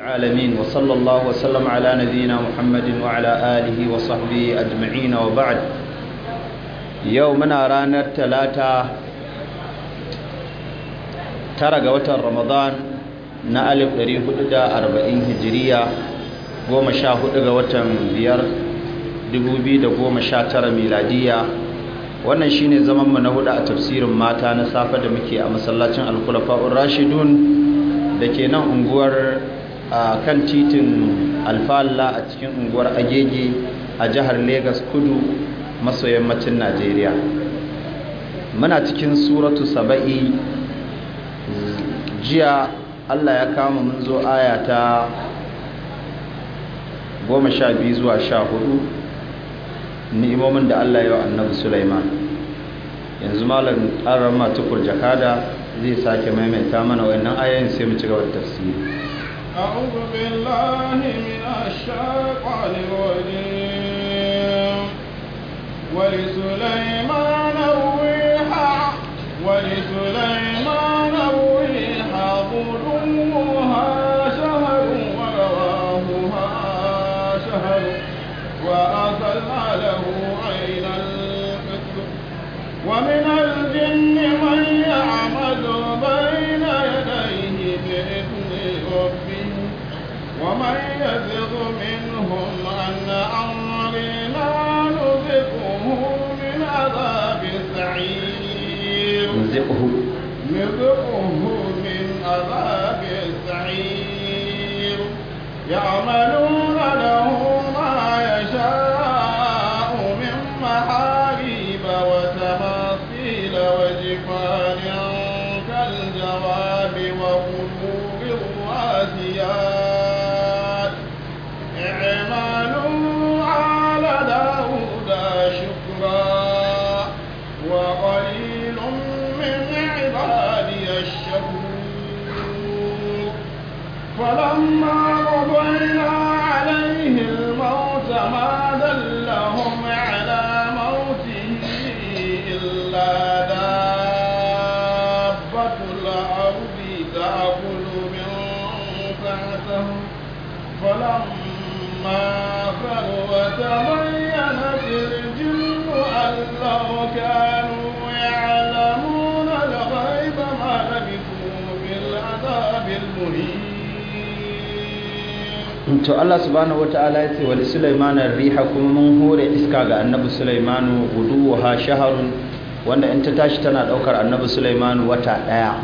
العالمين وصلى الله وسلم على نبينا محمد وعلى آله وصحبه أجمعين وبعد يومنا رانا التلاتة ترق وتر رمضان نألف دريه دا أربعين هجرية قوم شاهد وتر بير دبوبي دا قوم شاتر ميلادية wannan shine zaman mu na hudu a tafsirin mata na safa da muke a masallacin al alkhulafa'ur rashidun da ke nan unguwar a kan titin alfalla a cikin unguwar agege a jihar Legas kudu maso yammacin najeriya muna cikin suratu saba'i jiya allah ya kama mun zo aya ta goma sha biyu zuwa sha hudu ni'imomin da allah yau annabi sulaiman yanzu malam ƙarar matukur jakada zai sake maimaita mana wannan ayoyin sai mu ci gaba da tafsiri أعوذ بالله من الشيطان الرجيم ولسليمان الريح ولسليمان الريح ظلمها شهر ورواهها شهر وأصلنا له عين القسط ومن ومن يزغ منهم عن أمرنا نذقه من عذاب السعير نذقه من عذاب السعير يعملون له ما يشاء من محاريب وتماثيل وجفان to Allah subhanahu ta'ala ya ce wali Sulaiman riha kuma mun hore iska ga annabi Sulaiman ha shaharun wanda in ta tashi tana daukar annabi Sulaiman wata daya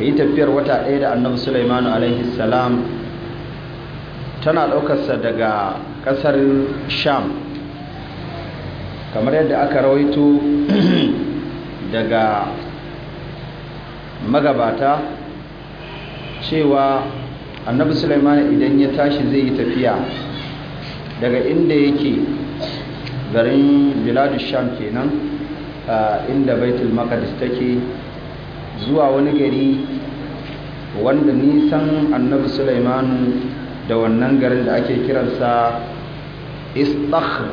ta yi tafiyar wata daya da annabi Sulaiman alaihi salam tana daukar sa daga kasar Sham kamar yadda aka rawaito daga magabata cewa annabi sulaiman idan ya tashi zai yi tafiya daga inda yake garin biladu sham kenan inda baitul makadis take zuwa wani gari wanda nisan annabi sulaiman da wannan garin da ake kiransa istakhar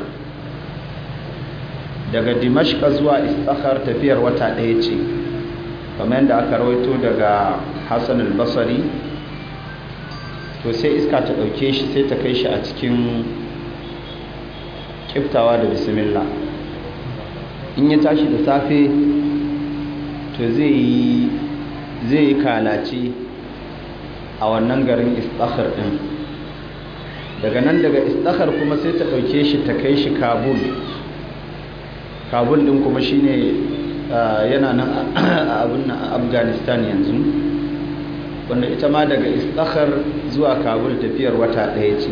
daga dimashka zuwa istakhar tafiyar wata ɗaya ce kamar yadda aka rawaito daga hassan al-basari to sai iska ta ɗauke shi sai ta kai shi a cikin kiftawa da bismillah in ya tashi da safe to zai yi kalaci a wannan garin istakhar ɗin daga nan daga istakhar kuma sai ta ɗauke shi ta kai shi kabul kabul ɗin kuma shine ah, yana nan a abin afghanistan yanzu wanda ita ma daga istakhar zuwa kabul tafiyar wata ɗaya ce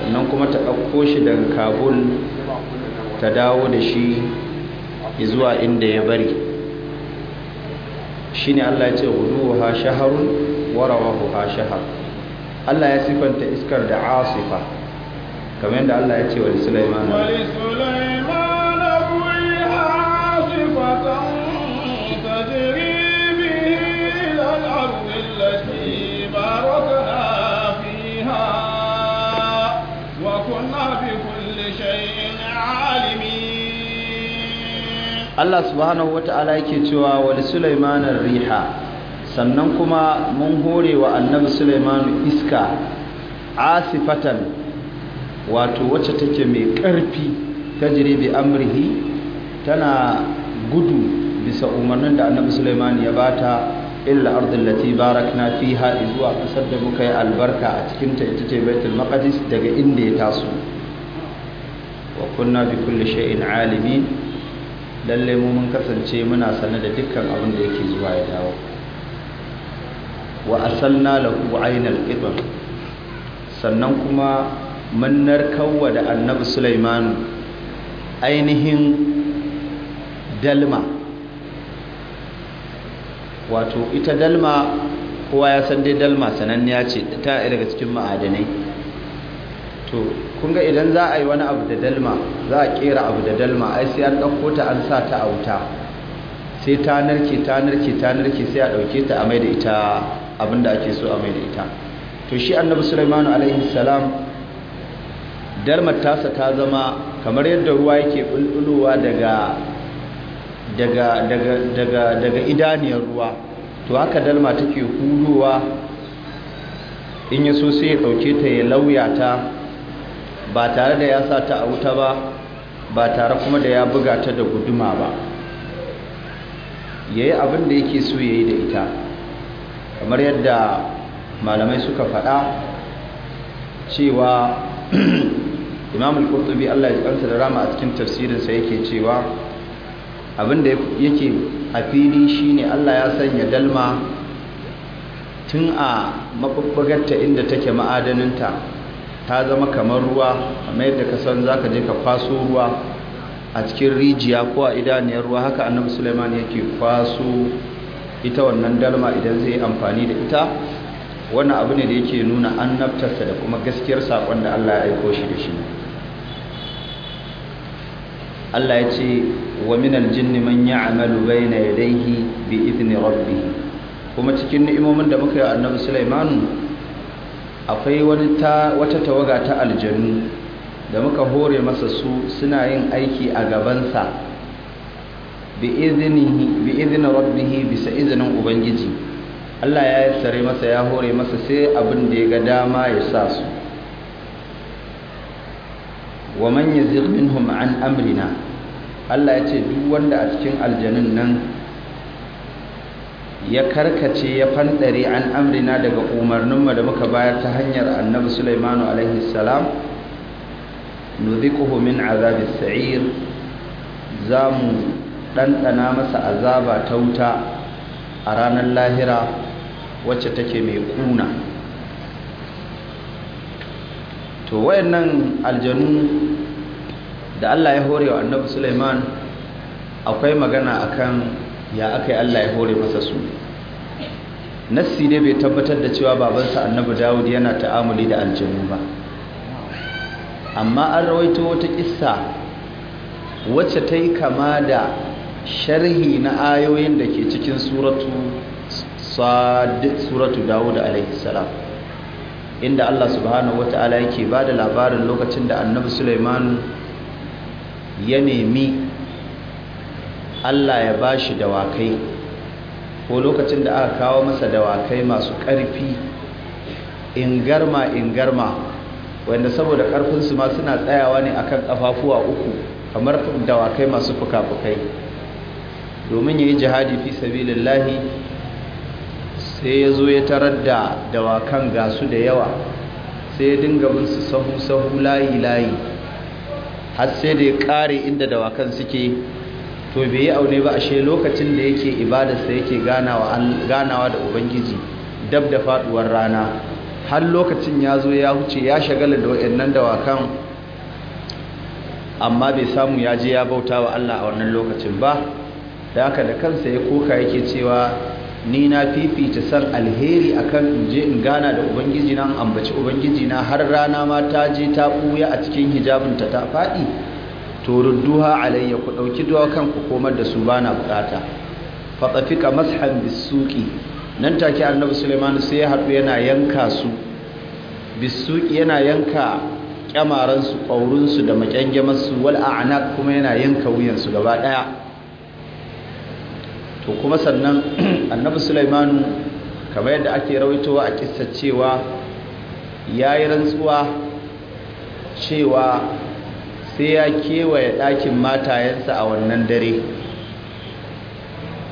sannan kuma ta ɗauko shi daga kabul ta dawo da shi zuwa inda ya bari shi ne allah ya ce gudu ha shaharun warawahu ha shahar allah ya sifanta iskar da asifa kamar yadda allah ya ce wa sulaiman Allah subhanahu wata'ala yake cewa wa Sulaiman riha sannan kuma mun hore wa annabi Sulaiman iska asifatan wato wacce take mai karfi tajri bi amrihi tana gudu bisa umarnin da annabi Sulaiman ya bata illa ardhil lati barakna fiha zuwa kasar da muka yi albarka a ta ita ce baitul maqdis daga inda ya taso wa kunna bi kulli shay'in alimin lalle mu mun kasance muna sane da dukkan abin da yake zuwa ya dawo wa asanna lahu aynal qitr sannan kuma mun narkawa da annabi Sulaiman ainihin dalma wato ita dalma kowa ya san dai dalma sananniya ce ta daga cikin ma'adanai to kun ga idan za a yi wani abu da dalma za a kera abu da dalma ai sai an ɗauko ta an sa ta a wuta sai ta narke ta narke ta narke sai a ɗauke ta a mai da ita abin ake so a mai da ita to shi annabi sulaiman alaihi salam dalmar tasa ta zama kamar yadda ruwa yake bulbulowa daga daga daga daga daga idaniyar ruwa to haka dalma take hudowa in ya so sai ya ɗauke ta ya lauya ta ba tare da ya sa ta a wuta ba ba tare kuma da ya buga ta da guduma ba yayi abin da yake so yayi da ita kamar yadda malamai suka faɗa cewa Imam al-Qurtubi Allah ya kanta da rama a cikin tafsirinsa yake cewa abin da yake a fili shine Allah ya sanya dalma tun a ta inda take ma'adaninta ta zama kamar ruwa amma yadda ka san za ka je ka kwaso ruwa a cikin rijiya ko a idaniyar ruwa haka annabi suleiman yake kwaso ita wannan dalma idan zai yi amfani da ita wannan abu ne da yake nuna annabtarsa da kuma gaskiyar saƙon da allah ya aiko shi da shi Allah ya ce wa minal jinni man ya'malu bayna yadayhi bi idni rabbih kuma cikin ni'imomin da muka yi annabi Suleiman. akwai wata tawaga ta aljanu da muka hore masa su suna yin aiki a gabansa bi izinin rabbihi bisa izinin ubangiji allah ya yassare masa ya hore masa sai abin da ya ga dama ya sa su wa manyan yazigh minhum an amrina allah ya ce duk wanda a cikin aljanun nan ya karkace ya fandare an amrina daga umarninmu da muka bayar ta hanyar annabi Sulaimanu alaihi salam nudhiquhu min azabi sa'ir zamu dandana masa azaba ta wuta a ranar lahira wacce take mai kuna to wayannan aljanu da Allah ya hore wa annabi Sulaiman akwai magana akan ya aka yi Allah ya hore masa su nassi ne bai tabbatar da cewa babansa annabi dawud yana ta'amuli da aljanu ba amma an rawaito wata kissa wacce ta yi kama da sharhi na ayoyin da ke cikin suratu suratu dawud alaihi salam inda Allah subhanahu wata'ala yake ba da labarin lokacin da annabi suleiman ya nemi Allah ya ba shi dawakai ko lokacin da aka kawo masa dawakai masu ƙarfi ingarma ingarma wanda saboda ƙarfinsu ma suna tsayawa ne akan ƙafafuwa uku kamar dawakai masu fuka-fukai domin ya yi jihadi fi sabilillahi sai ya zo ya tarar da dawakan gasu da yawa sai ya dinga bin su sahu-sahu layi-layi har sai da ya ƙare inda dawakan suke to bai yi aure ba ashe lokacin da yake ibadarsa yake ganawa da ubangiji dab da faduwar rana har lokacin ya zo ya huce ya shagala da waɗannan dawakan amma bai samu ya je ya bauta wa Allah a wannan lokacin ba da haka da kansa ya koka yake cewa ni na fifita san alheri akan in je in gana da ubangiji na ambaci ubangiji na har rana ma ta je ta buya a cikin hijabinta ta faɗi turudduha alayya ku dauki kan ku komar da su bana bukata fa tafika mashan bisuki nan take annabi Sulaiman sai ya hadu yana yanka su bisuki yana yanka kyamaran su kaurun su da makyangemar su wal a'naq kuma yana yanka wuyan su gaba daya to kuma sannan annabi Sulaiman kamar yadda ake rawaitowa a kissa cewa yayi rantsuwa cewa sai ya kewaye ɗakin matayensa a wannan dare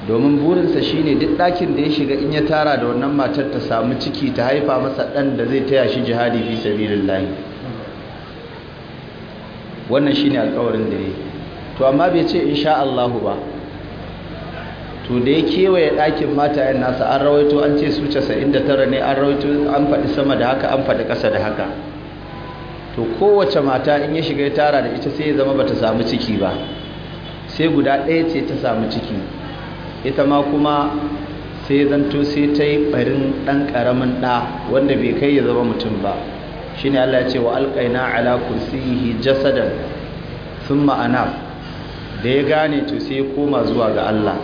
domin burinsa shi ne, duk ɗakin da ya shiga in ya tara da wannan matar ta samu ciki ta haifa masa ɗan da zai taya shi jihadi fi layi wannan ne alƙawarin da ya to amma bai ce in sha Allahu ba to da ya kewaye ɗakin matayen nasa an rawaito an ce su tara ne an rawaito an faɗi sama da haka an faɗi ƙasa da haka to kowace mata in ya shiga ya tara da ita sai ya zama bata samu ciki ba sai guda ɗaya ce ta samu ciki ita ma kuma sai zanto sai ta yi ɓarin ɗan ƙaramin ɗa wanda bai kai ya zama mutum ba shi ne allah ce wa alƙaina ala kursiyihi jasadan sun ma'ana da ya gane to sai koma zuwa ga allah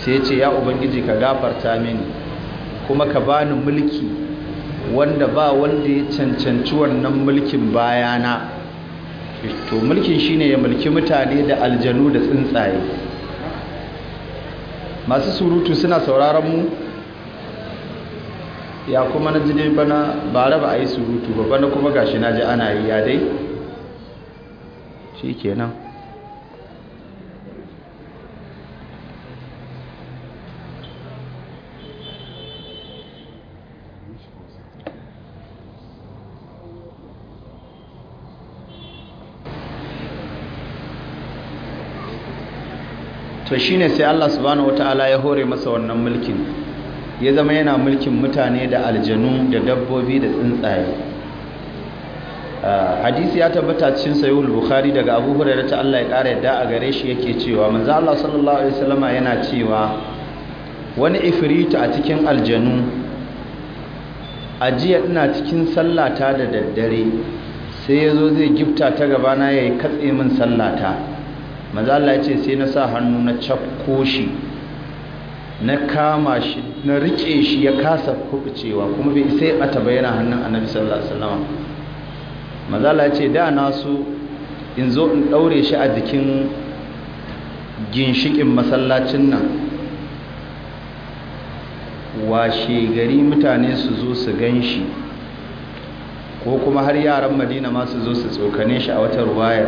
sai ce ya ubangiji ka gafarta mini kuma ka bani mulki wanda ba wanda ya cancanci wannan mulkin bayana to mulkin shi ne ya mulki mutane da aljanu da tsuntsaye masu surutu suna sauraron mu ya kuma na ji dai bana ba raba a yi surutu ba bana kuma gashi na ji ana yi ya dai shi kenan to ne sai Allah subhanahu ta'ala ya hore masa wannan mulkin ya zama yana mulkin mutane da aljanu da dabbobi da tsuntsaye hadisi ya tabbata cikin sahihul bukhari daga abu hurairah ta Allah ya kara yadda a gare shi yake cewa manzo Allah sallallahu alaihi wasallama yana cewa wani ifrit a cikin aljanu ajiya ina cikin sallata da daddare sai yazo zai gifta ta gabana yayi katse min sallata manzo Allah ya ce sai na sa hannu na cakko shi na kama shi na rike shi ya kasa kubucewa kuma bai sai a tabayyana hannun annabi sallallahu alaihi wasallam manzo Allah ya ce da na so in zo in daure shi a jikin ginshikin masallacin nan washe gari mutane su zo su gan shi ko kuma har yaran madina ma su zo su tsokane shi a wata ruwayar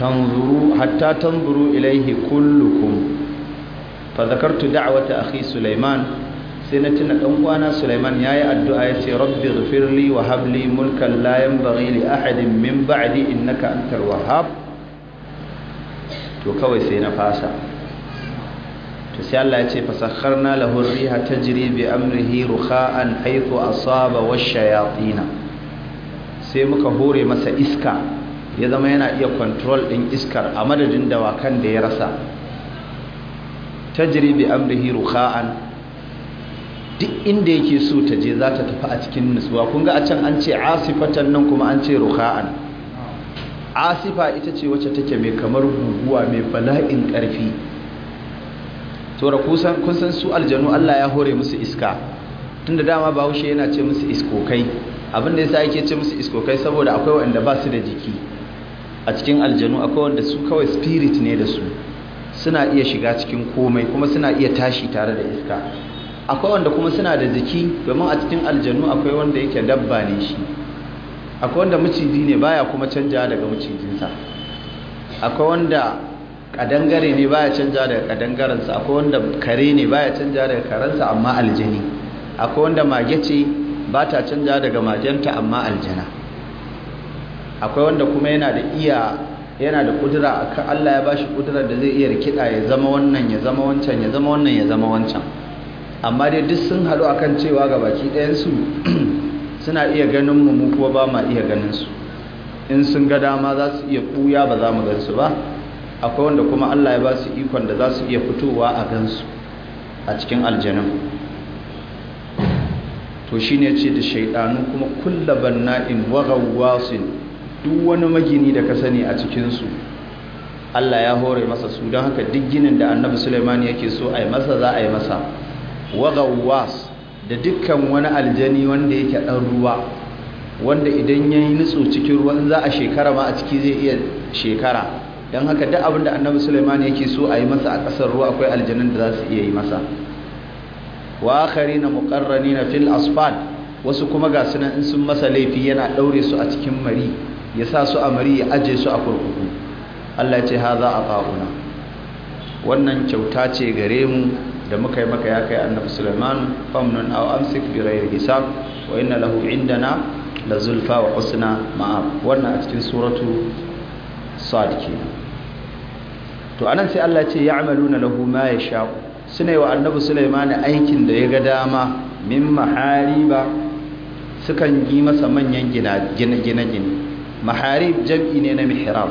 tanzuru hatta tanzuru ilaihi kullukum fa zakartu da'wata akhi Sulaiman sai na tuna dan uwana Sulaiman yayi addu'a yace rabbi ighfirli wa habli mulkan la yanbaghi li ahadin min ba'di innaka antal wahhab to kawai sai na fasa to sai Allah yace fasakharna lahu riha tajri bi amrihi rukha'an haythu asaba wash shayatin sai muka hore masa iska ya zama yana iya control ɗin iskar a madadin dawakan da ya rasa tajri bi amrihi rukha'an duk inda yake so ta je za ta tafi a cikin nutsuwa kun ga a can an ce asifatan nan kuma an ce ruha'an asifa ita ce wacce take mai kamar guguwa mai bala'in ƙarfi Tora kun san su aljanu Allah ya hore musu iska tunda dama bahaushe yana ce musu iskokai abinda sa ake ce musu iskokai saboda akwai waɗanda ba su da jiki a cikin aljanu akwai wanda su kawai spirit ne da su suna iya shiga cikin komai kuma suna iya tashi tare da iska akwai wanda kuma suna da jiki domin a cikin aljanu akwai wanda yake dabba ne shi akwai wanda maciji ne baya kuma canja daga macijinsa akwai wanda kadangare ne baya canja daga kadangarensa akwai wanda kare ne baya canja daga karensa amma aljani akwai wanda mage ce ba ta canja daga magenta amma aljana akwai wanda kuma yana da iya yana da kudura akan Allah ya bashi kudura da zai iya rikida ya zama wannan ya zama wancan ya zama wannan ya zama wancan amma dai duk sun haɗu akan cewa ga baki su suna iya ganin mu mu kuma ba ma iya ganin su in sun ga dama za su iya kuya ba za mu su ba akwai wanda kuma Allah ya ba ikon da za su iya fitowa a gansu a cikin aljanun to shine ce da shaidanu kuma kullaban na'in wa ghawwasin duk wani magini da ka sani a cikinsu Allah ya hore masa su don haka duk ginin da annabi Sulaiman yake so a yi masa za a yi masa wagawas da dukkan wani aljani wanda yake ɗan ruwa wanda idan ya nutsu cikin ruwan za a shekara ma a ciki zai iya shekara don haka duk abin da annabi Sulaiman yake so a yi masa a ƙasar ruwa akwai aljanin da za su iya yi masa wa na muƙarrani na fil asfad wasu kuma ga sunan in sun masa laifi yana ɗaure su a cikin mari ya sa su amari ya aje su a kurkuku Allah ce haza a fa'una wannan kyauta ce gare mu da muka yi maka ya kai annabi Sulaiman famnun aw amsik bi ghairi hisab wa inna lahu indana la zulfa wa husna ma'ab wannan a cikin suratu sad to anan sai Allah ce ya'maluna lahu ma yasha suna yi wa annabi Sulaiman aikin da ya ga dama min mahariba sukan yi masa manyan gine-gine maharib jam'i ne na mihrab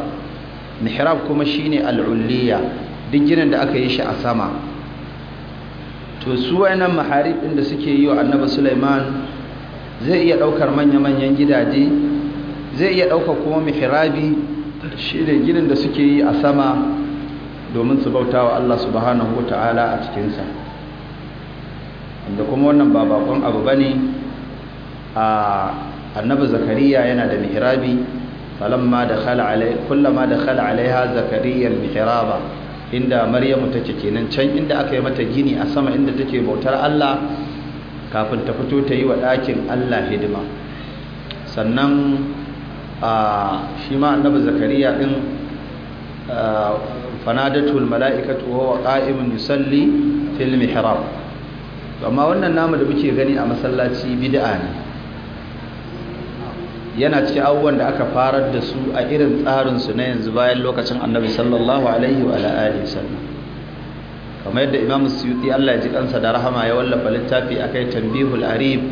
mihrab kuma shine al'ulliya duk ginin da aka yi shi a sama to su wayannan maharib din da suke yi wa annabi Sulaiman zai iya daukar manya-manyan gidaje zai iya ɗaukar kuma mihrabi ne ginin da suke yi a sama domin su bauta wa Allah subhanahu Ta'ala a cikinsa, sa kuma wannan babakon bakon abu bane a annabi Zakariya yana da mihrabi falamma dakhala alai kullama dakhala alaiha zakariya almihraba inda maryamu take kenan can inda aka yi mata gini a sama inda take bautar Allah kafin ta fito ta yi wa ɗakin Allah hidima sannan a shi ma annabi zakariya din fanadatul mala'ikatu wa qa'imun yusalli fil mihrab amma wannan namu da muke gani a masallaci bid'a ne yana cikin abubuwan da aka farar da su a irin tsarinsu na yanzu bayan lokacin annabi sallallahu alaihi wa sallam kamar yadda imam suyuti Allah ya ji kansa da rahama ya wallafa littafi a kai arib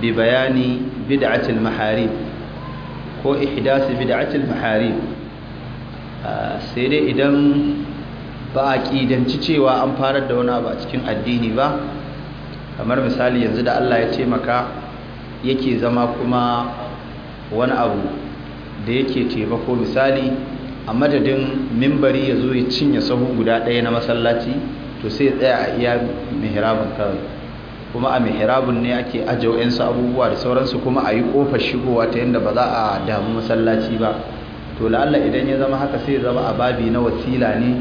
bi bayani bid'atil maharib ko ihdasi bid'atil maharib ah, sai dai idan ba a kidanci cewa an farar da wani abu a cikin addini ba kamar misali yanzu da Allah ya ce maka yake zama kuma wani abu da yake teba ko misali a madadin mimbari ya zo ya cinye sahu guda ɗaya na masallaci to sai ya tsaya a iya mihirabun kawai kuma a mihirabun ne ake ajiye wa'yansu abubuwa da sauransu kuma a yi ƙofar shigowa ta yadda ba za a damu masallaci ba to la'alla idan ya zama haka sai zama a babi na wasila ne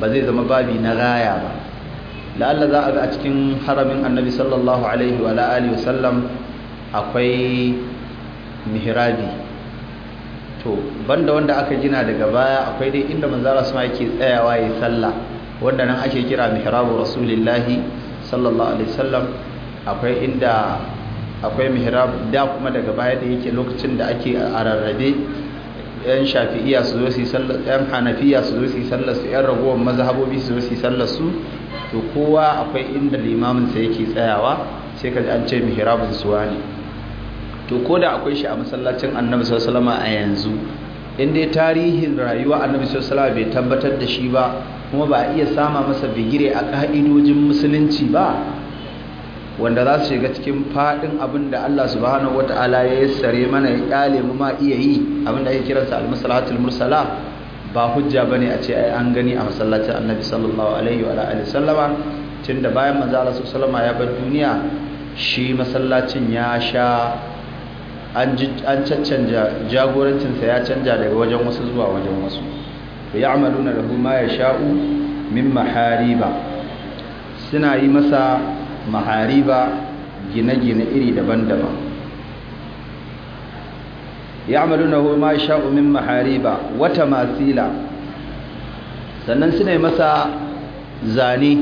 ba zai zama babi na gaya ba la'alla za a ga a cikin haramin annabi sallallahu alaihi wa akwai mihrabi to banda wanda aka gina daga baya akwai dai inda manzara sama yake tsayawa ya sallah wanda nan ake kira mihrabu rasulillahi sallallahu alaihi wasallam akwai inda akwai mihrab da kuma daga baya da yake lokacin da ake a rarrabe yan shafi'iya su zo su sallar yan hanafiya su zo su sallar su yan ragowar mazhabobi su zo su sallar su to kowa akwai inda limamin sa yake tsayawa sai kaji an ce mihrabun suwa ne to ko da akwai shi a masallacin annabi sallallahu a yanzu Inda tarihin rayuwa annabi sallallahu bai tabbatar da shi ba kuma ba a iya sama masa bigire a ka'idojin musulunci ba wanda za su shiga cikin fadin abin da Allah subhanahu wata'ala ya yassare mana ya kyale mu ma iya yi abin da ake kiransa al-masalatul mursala ba hujja bane a ce ai an gani a masallacin annabi sallallahu alaihi wa alihi sallama tunda bayan manzo Allah sallallahu alaihi ya bar duniya shi masallacin ya sha an caccanja jagorancinsa ya canja daga wajen wasu zuwa wajen wasu ya amalu na rahu ma ya sha'u min mahariba suna yi masa mahariba gine-gine iri daban-daban ya amalu na rahu ma ya sha'u min mahariba wata masila sannan suna yi masa zane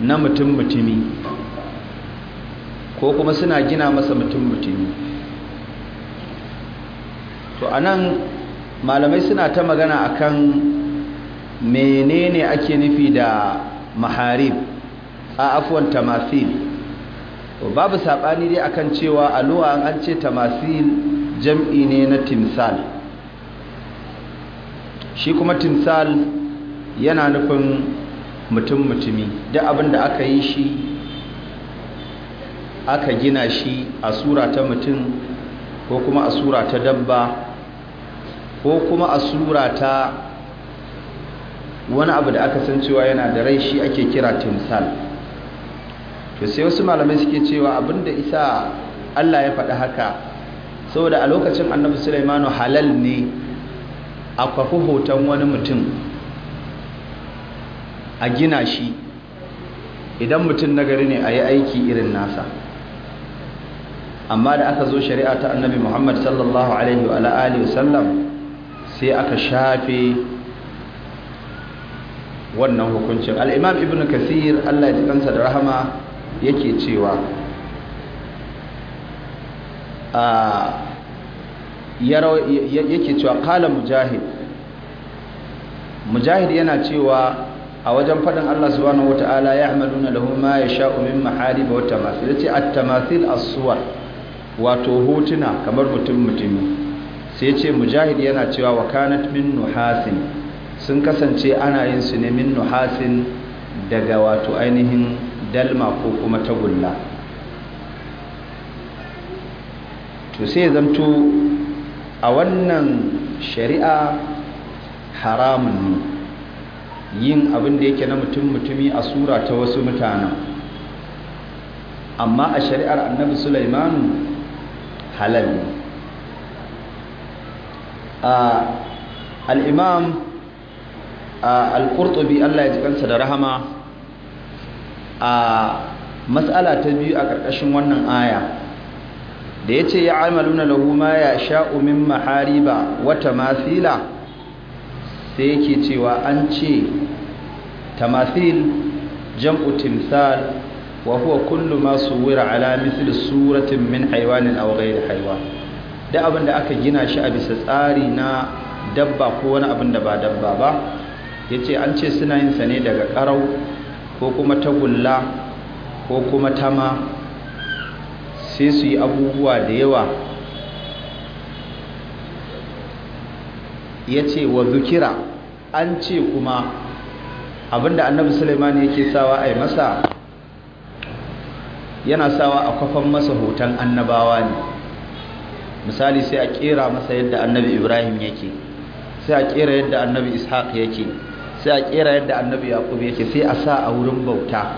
na mutum-mutumi ko kuma suna gina masa mutum-mutumi to anan malamai suna ta magana akan menene ake nufi da maharib a afuwan tamasil babu sabani dai akan cewa a an an ce tamasil jam'i ne na timsal shi kuma timsal yana nufin mutum mutumi duk abin da aka yi shi aka gina shi a sura ta mutum ko kuma a sura ta dabba ko kuma a sura wani abu da aka san cewa yana da rai shi ake kira timsal to sai wasu malamai suke cewa abinda isa Allah ya faɗi haka saboda a lokacin annabi Sulaimanu halal ne a kwafi hoton wani mutum a gina shi idan mutum na gari ne a yi aiki irin nasa amma da aka zo shari'a ta annabi muhammad sallallahu alaihi wa sallam. sai aka shafe wannan hukuncin al'imam ibn kasir allah ya kansa da rahama yake cewa yake cewa kala mujahid mujahid yana cewa a wajen faɗin allah subhanahu wa ta'ala ya na da huma ya sha'u min mahari ba wata masu ya ce a tamasil asuwar wato hotuna kamar mutum mutumi sai ce mujahid yana cewa wa kanat min nuhasin sun kasance ana yin su ne min nuhasin daga wato ainihin dalma ko kuma tagulla to sai zamto a wannan shari'a haramun ne yin abin da yake na mutum mutumi a sura ta wasu mutanen amma a shari'ar annabi sulaimanu halal ne al-imam al Allah ya jikansa da rahama a mas'ala ta biyu a ƙarƙashin wannan aya da yace ya amaluna lahu ma ya sha'u min mahariba wa tamathila sai yake cewa an ce tamathil jam'u timsal wa huwa kullu ma suwira ala mithli suratin min haiwanin aure da haywan da abin da aka gina shi a bisa tsari na dabba ko wani abin da ba dabba ba ya ce an ce suna yin sa ne daga karau, ko kuma tagulla ko kuma tama sai su yi abubuwa da yawa ya ce wa zukira an ce kuma abinda annabi suleiman yake sawa a yi masa yana sawa a kwafan masa hoton annabawa ne misali sai a kera masa yadda annabi ibrahim yake sai a kera yadda annabi ishaq yake sai a kera yadda annabi yaqub yake sai a sa a wurin bauta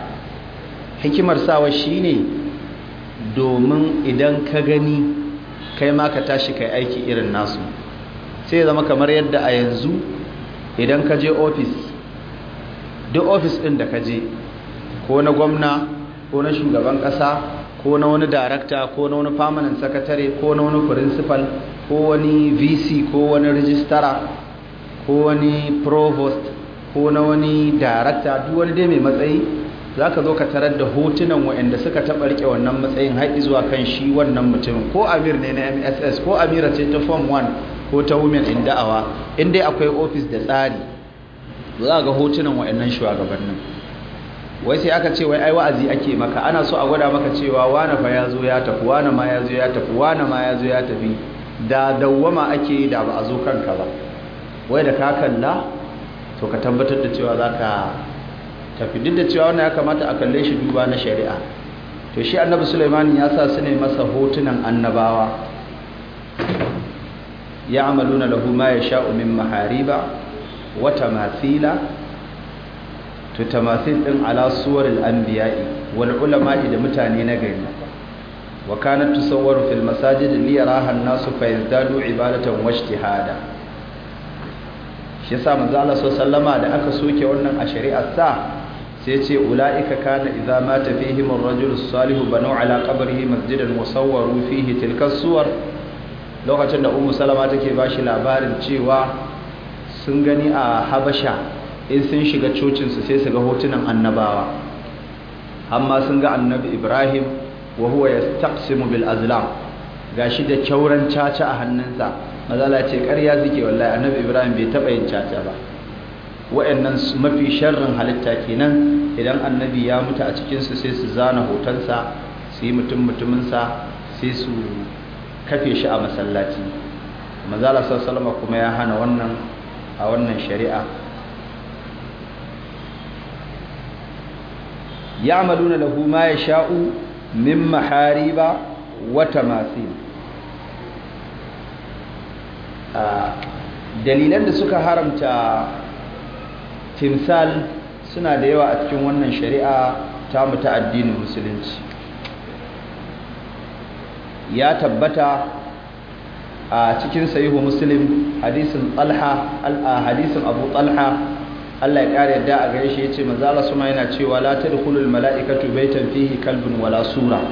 hikimar sawa shine domin idan ka gani kai ma ka tashi kai aiki irin nasu sai ya zama kamar yadda a yanzu idan ka je ofis duk ofis ɗin da ka je ko na gwamna ko na shugaban ƙasa ko na wani darakta ko na wani permanent secretary ko na wani principal ko wani vc ko wani registrar ko wani provost ko na wani darakta duk wani dai mai matsayi za ka zo ka tarar da hotunan waɗanda suka taɓa rike wannan matsayin haɗi zuwa kan shi wannan mutumin ko amir ne na mss ko amira ce ta form 1 ko ta women in da'awa in dai akwai ofis da tsari za ga hotunan waɗannan shugabannin wai sai aka ce wai ai wa'azi ake maka ana so a gwada maka cewa wane fa ya ya tafi wane ma ya ya tafi wane ma ya ya tafi da dawwama ake da ba a zo kanka ba wai da ka kalla to ka tabbatar da cewa za tafi duk da cewa wannan ya kamata a kalle shi duba na shari'a to shi annabi sulaiman ya sa su ne masa hotunan annabawa ya na lahu ma yasha'u min mahariba wa tamathila to ɗin din ala suwaril anbiya'i wal ulama'i da mutane na gari wa kanat tusawwaru fil masajid li yaraha an-nasu fa yazdadu ibadatan wajtihada shi yasa manzo Allah sallama da aka soke wannan a shari'ar sa sai ce ula'ika kana idza mata fihim ar-rajulu salihu banu ala qabrihi masjidan musawwaru fihi tilka suwar lokacin da ummu salama take bashi labarin cewa sun gani a habasha in sun shiga cocinsu sai su ga hotunan annabawa amma sun ga annabi ibrahim wa huwa yastaqsimu bil azlam gashi da kyauran caca a hannunsa mazala ce ƙarya suke wallahi annabi ibrahim bai taɓa yin caca ba wa'annan mafi sharrin halitta kenan idan annabi ya mutu a cikinsu sai su zana hotonsa su yi mutum mutuminsa sai su kafe shi a masallaci mazala sallama kuma ya hana wannan a wannan shari'a ya'maluna lahu ma yasha'u min mahariba wa tamathil dalilan da suka haramta timsal suna da yawa a cikin wannan shari'a ta mu ta addinin musulunci ya tabbata a cikin sahihu muslim hadisin talha hadisin abu talha Allah ya kare yadda a gare shi yace manzo Allah suma yana cewa la kulun malaikatu bai fihi kalbin wala sura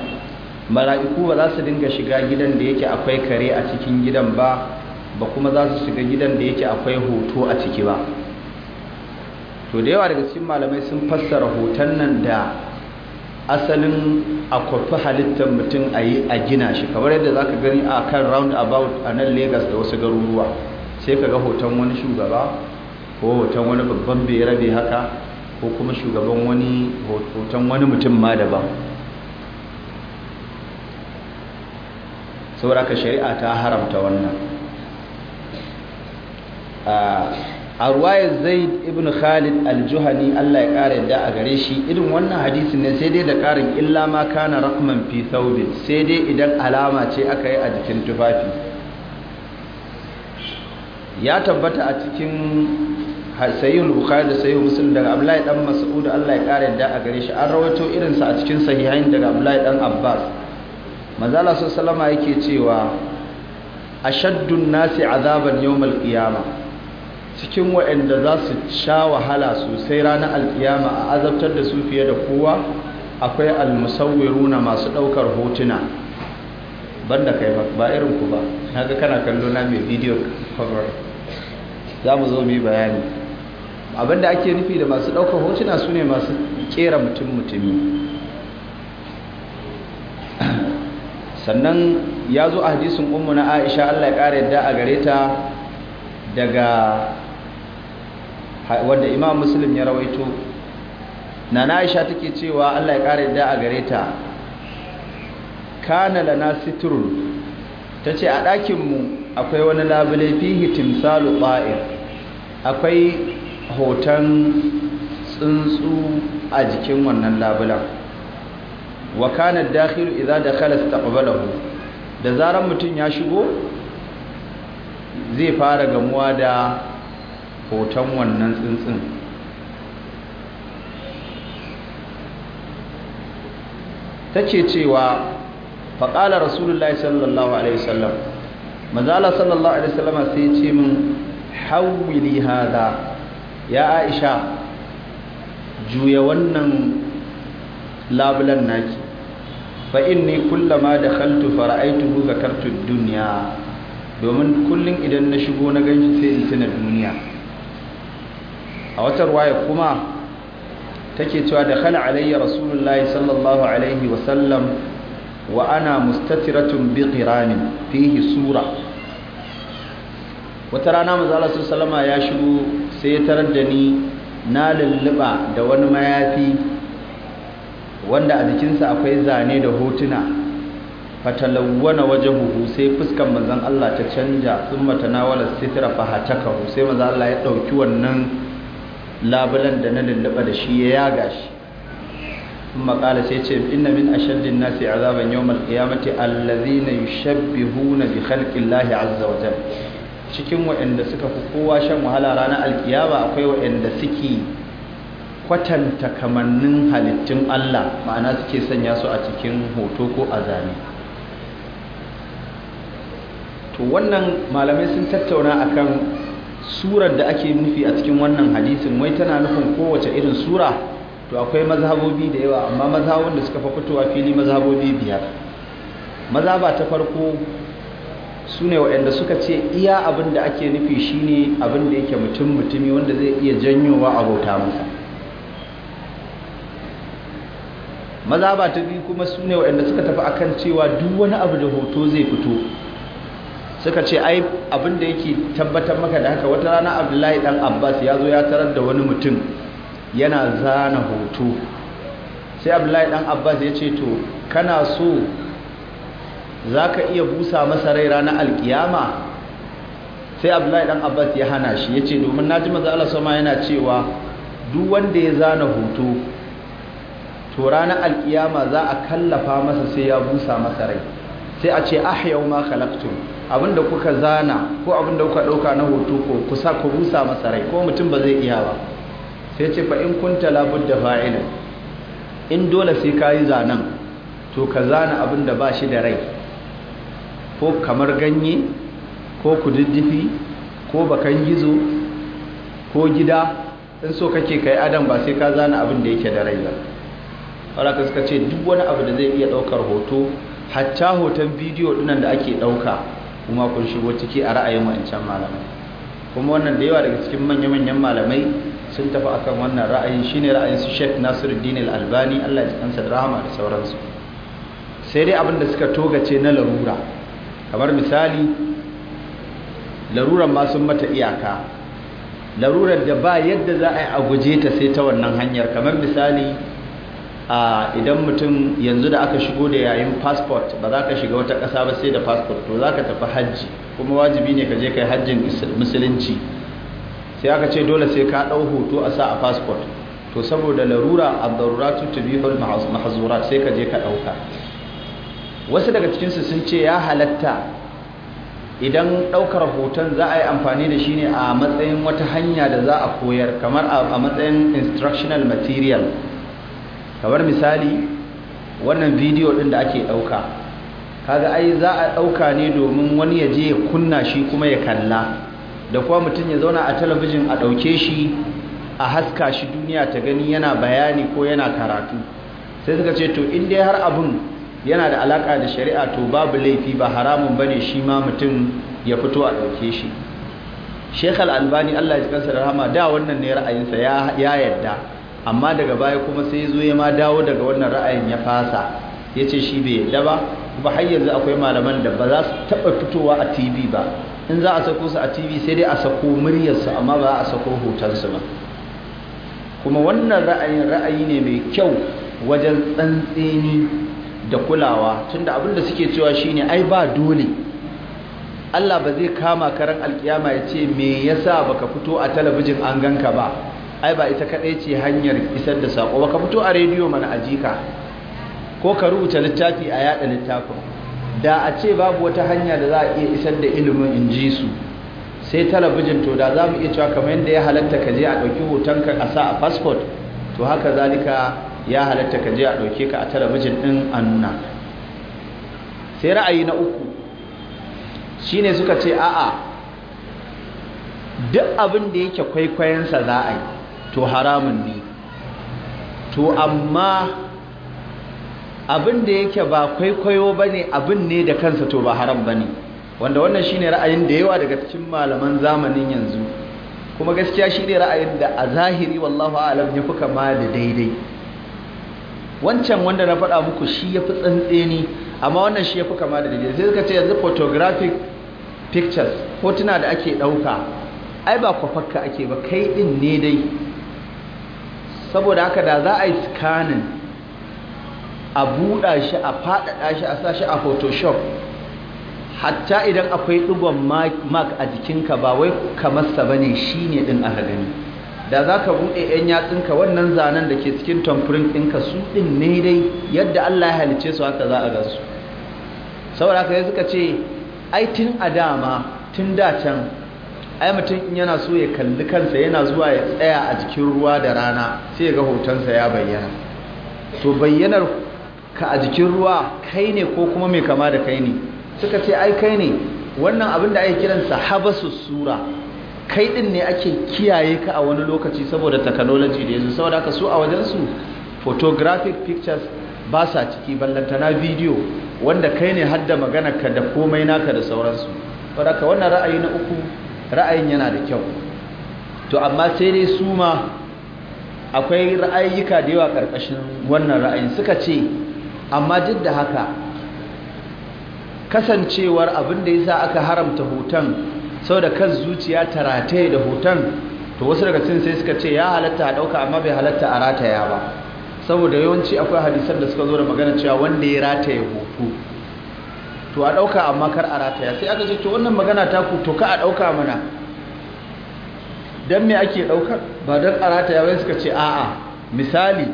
mala'iku ba za su dinga shiga gidan da yake akwai kare a cikin gidan ba ba kuma za su shiga gidan da yake akwai hoto a ciki ba to da yawa daga cikin malamai sun fassara hoton nan da asalin a kwafi halittar mutum a yi a gina shi kamar yadda za ka gani a kan round about a nan Legas da wasu garuruwa sai ka ga hoton wani shugaba ko hoton wani babban bai rabe haka ko kuma shugaban wani hoton wani mutum ma daban sauraka shari'a ta haramta wannan a ruwayar zaid ibn khalid al-juhani allah ya kara yadda a gare shi irin wannan hadisin ne sai dai da karin illa ma kana rahman fi saudi sai dai idan alama ce aka yi a jikin tufafi ya tabbata a cikin al bukhari da sayyid muslim daga abdullahi dan mas'ud Allah ya kare da a gare shi an rawaito irin sa a cikin sahihain daga abdullahi dan abbas manzala sallama yake cewa ashaddun nasi azaban yawmal qiyamah cikin waɗanda za su sha wahala sosai ranar alkiyama a azabtar da su fiye da kowa akwai al-musawwiruna masu ɗaukar hotuna banda kai ba irin ku ba naga kana kallo na mai bidiyo cover za mu zo mu yi bayani abinda ake nufi da masu ɗaukar hotuna su ne masu kera mutum mutumi sannan ya zo a hadisin ummu na aisha allah ya ƙara yadda a gare ta daga wanda imam muslim ya rawaito na na aisha take cewa allah ya ƙara yadda a gare ta kana lana siturun ta ce a ɗakinmu akwai wani labule fihi timsalu ba'ir akwai hoton tsuntsu a jikin wannan labulan wa kana dakhilu idza dakhala istaqbalahu da zaran mutum ya shigo zai fara gamuwa da hoton wannan tsuntsun tace cewa faqala rasulullahi sallallahu alaihi wasallam manzala sallallahu alaihi wasallam sai ya ce min hawwili hadha ya aisha juya wannan labulan naki fa inni kullama dakhaltu fara'aytuhu buga ad duniya domin kullum idan na shigo na ganshi sai in tuna duniya a wata ruwaya kuma take cewa dakhala alayya rasulullahi sallallahu alaihi wa sallam wa ana mustatiratun bi qiranin fihi sura wata rana manzo Allah ya shigo sai ya tarar da ni na lulluɓa da wani mayafi wanda a jikinsa akwai zane da hotuna fatalawwana huhu sai fuskan mazan Allah ta canja thumma tanawala sitra hu sai manzon Allah ya ɗauki wannan labulan da na lulluba da shi ya yaga shi Sun qala sai ce inna min ashaddin nasi azaban yawmal qiyamati allazina yushabbihuna bi khalqillahi azza wa jalla cikin waɗanda suka fi kowa shan wahala ranar alkiyama akwai waɗanda suke kwatanta kamannin halittun Allah ma'ana suke sanya su a cikin hoto ko a zane to wannan malamai sun tattauna akan surar da ake nufi a cikin wannan hadisin wai tana nufin kowace irin sura to akwai mazhabobi da yawa amma mazhabon da suka fi fitowa fili mazhabobi biyar mazhaba ta farko su ne waɗanda suka ce iya abin da ake nufi shine abin da yake mutum mutumi wanda zai iya janyowa abota masa maza ba ta biyu kuma su ne waɗanda suka tafi akan cewa duk wani abu da hoto zai fito suka ce ai abin da yake tabbatar maka da haka wata rana abdullahi dan abbas ya zo ya tarar da wani mutum yana zana hoto sai abdullahi dan abbas ya ce to kana so za ka iya busa masa rai ranar alkiyama sai abdullahi dan abbas ya hana shi ya ce domin na ji maza'ala sama yana cewa duk wanda ya zana hoto to ranar alkiyama za a kallafa masa sai ya busa masa rai sai a ce ahyau ma kalaktun abinda kuka zana ko abinda kuka dauka na hoto ko kusa ku busa masa rai ko mutum ba zai iya ba sai ce fa in kunta da fa'ilan in dole sai ka yi zanen? to ka zana abinda ba shi da rai ko kamar ganye ko kududdufi ko bakan gizo ko gida in so kake kai adam ba sai ka zana abin da yake da rai ba wadda suka ce duk wani abu da zai iya daukar hoto hatta hoton bidiyo dinan da ake dauka kuma kun shigo ciki a ra'ayin wancan malamai kuma wannan da yawa daga cikin manya-manyan malamai sun tafi akan wannan ra'ayin shine ra'ayin su Sheikh Nasiruddin Al-Albani Allah ya kansa da rahama da sauransu sai dai abin da suka togace na larura kamar misali larurar ma sun mata iyaka larurar da ba yadda za a yi a guje ta sai ta wannan hanyar kamar misali a idan mutum yanzu da aka shigo da yayin passport ba za ka shiga wata ƙasa ba sai da passport to za ka tafi hajji kuma wajibi ne ka je kai hajjin musulunci sai aka ce dole sai ka ɗau hoto a sa a passport to saboda larura ta tubihul mahzurat sai ka je ka ɗauka wasu daga cikinsu sun ce ya halatta idan ɗaukar hoton za a yi amfani da shi ne a matsayin wata hanya da za a koyar kamar a matsayin instructional material kamar misali wannan bidiyo ɗin da ake ɗauka kaga ai za a ɗauka ne domin wani ya je ya kunna shi kuma ya kalla da kuma mutum ya zauna a talabijin a ɗauke shi a haska shi duniya ta gani yana bayani ko yana karatu sai suka ce to in dai har abin yana da alaka da shari'a to babu laifi ba haramun bane shi ma mutum ya fito a dauke shi Sheikh Al-Albani Allah ya kansa da rahama da wannan ne ra'ayinsa ya ya yadda amma daga baya kuma sai yazo ya ma dawo daga wannan ra'ayin ya fasa yace shi bai yadda ba kuma har yanzu akwai malaman da ba za su taba fitowa a TV ba in za a sako su a TV sai dai a sako muryarsu amma ba a sako su ba kuma wannan ra'ayin ra'ayi ne mai kyau wajen tsantseni da kulawa tunda abin da suke cewa shine ai ba dole Allah ba zai kama karan alkiyama ya ce me yasa baka fito a talabijin an ganka ba ai ba ita kadai ce hanyar isar da sako baka fito a rediyo mana ajika ko ka rubuta littafi a yaɗa littafin da a ce babu wata hanya da za a iya isar da ilimin in ji su sai talabijin to da za mu iya cewa kamar yadda ya halatta ka je a ɗauki hotonka a sa a fasfot to haka zalika ya halatta ka je a ɗauke ka a talabijin ɗin a nuna sai ra'ayi na uku shi suka ce a'a duk abin da yake kwaikwayonsa za a yi to haramun ne to amma abin da yake ba kwaikwayo ba ne abin ne da kansa to ba haram ba ne wanda wannan shine ra'ayin da yawa daga cikin malaman zamanin yanzu kuma gaskiya shi ne ra'ayin da a zahiri wallahu alam ya fi ma da daidai wancan wanda na faɗa muku shi ya fi tsantseni amma wannan shi ya fi kama da daidai sai suka ce yanzu photographic pictures hotuna da ake ɗauka ai ba kwafakka ake ba kai ɗin ne dai saboda haka da za a yi scanning a buɗa shi a faɗaɗa shi a sa shi a photoshop hatta idan akwai ɗigon mark a jikinka ba wai kamarsa ba ne shi ne ɗin aka gani da za ka buɗe 'yan yatsunka wannan zanen da ke cikin tamfurin ɗinka su ɗin ne dai yadda Allah ya halice su haka za a ga su saboda ka yi suka ce ai tun a dama tun da can ai mutum in yana so ya kalli kansa yana zuwa ya tsaya a jikin ruwa da rana sai ya ga hotonsa ya bayyana to bayyanar ka a jikin ruwa kai ne ko kuma mai kama da kai ne suka ce ai kai ne wannan abin da ake kiransa habasu sura kai din ne ake kiyaye ka a wani lokaci saboda technology da yanzu saboda haka su a wajensu photographic pictures ba sa ciki ballantana video wanda kai ne hadda magana ka da komai naka da sauransu saboda haka wannan ra'ayi na uku ra'ayin yana da kyau to amma sai dai su ma akwai ra'ayyuka da yawa karkashin wannan ra'ayin suka ce amma duk da haka kasancewar abin da yasa aka haramta hoton sau da kan zuciya ta rataye da hoton to wasu daga cin sai suka ce ya halatta a ɗauka amma bai halatta a rataya ba saboda yawanci akwai hadisan da suka zo da magana cewa wanda ya rataye hoto to a ɗauka amma kar a rataya sai aka ce to wannan magana ta ku to ka a ɗauka mana don me ake ɗaukar ba don a rataya wai suka ce a'a misali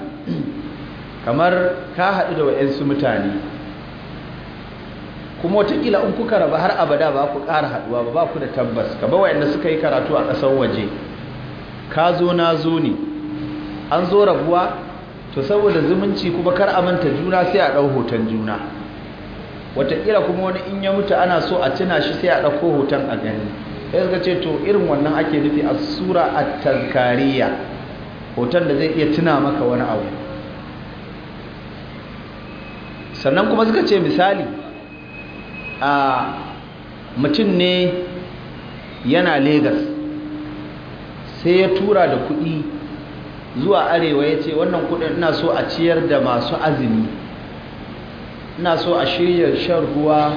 kamar ka haɗu da wa'yansu mutane kuma watakila in kuka raba har abada ba ku ƙara haɗuwa ba ba ku da tabbas ka ba wayanda suka yi karatu a ƙasar waje ka zo na zo ne an zo rabuwa to saboda zumunci kuma kar a manta juna sai a ɗau hoton juna watakila kuma wani in ya mutu ana so a tuna shi sai a ɗauko hoton a gani sai suka ce to irin wannan ake nufi a sura a tazkariya hoton da zai iya tuna maka wani abu sannan kuma suka ce misali a mutum ne yana Legas sai ya tura da kuɗi zuwa arewa ya ce wannan kuɗin ina so a ciyar da masu azumi ina so a shirya shan ruwa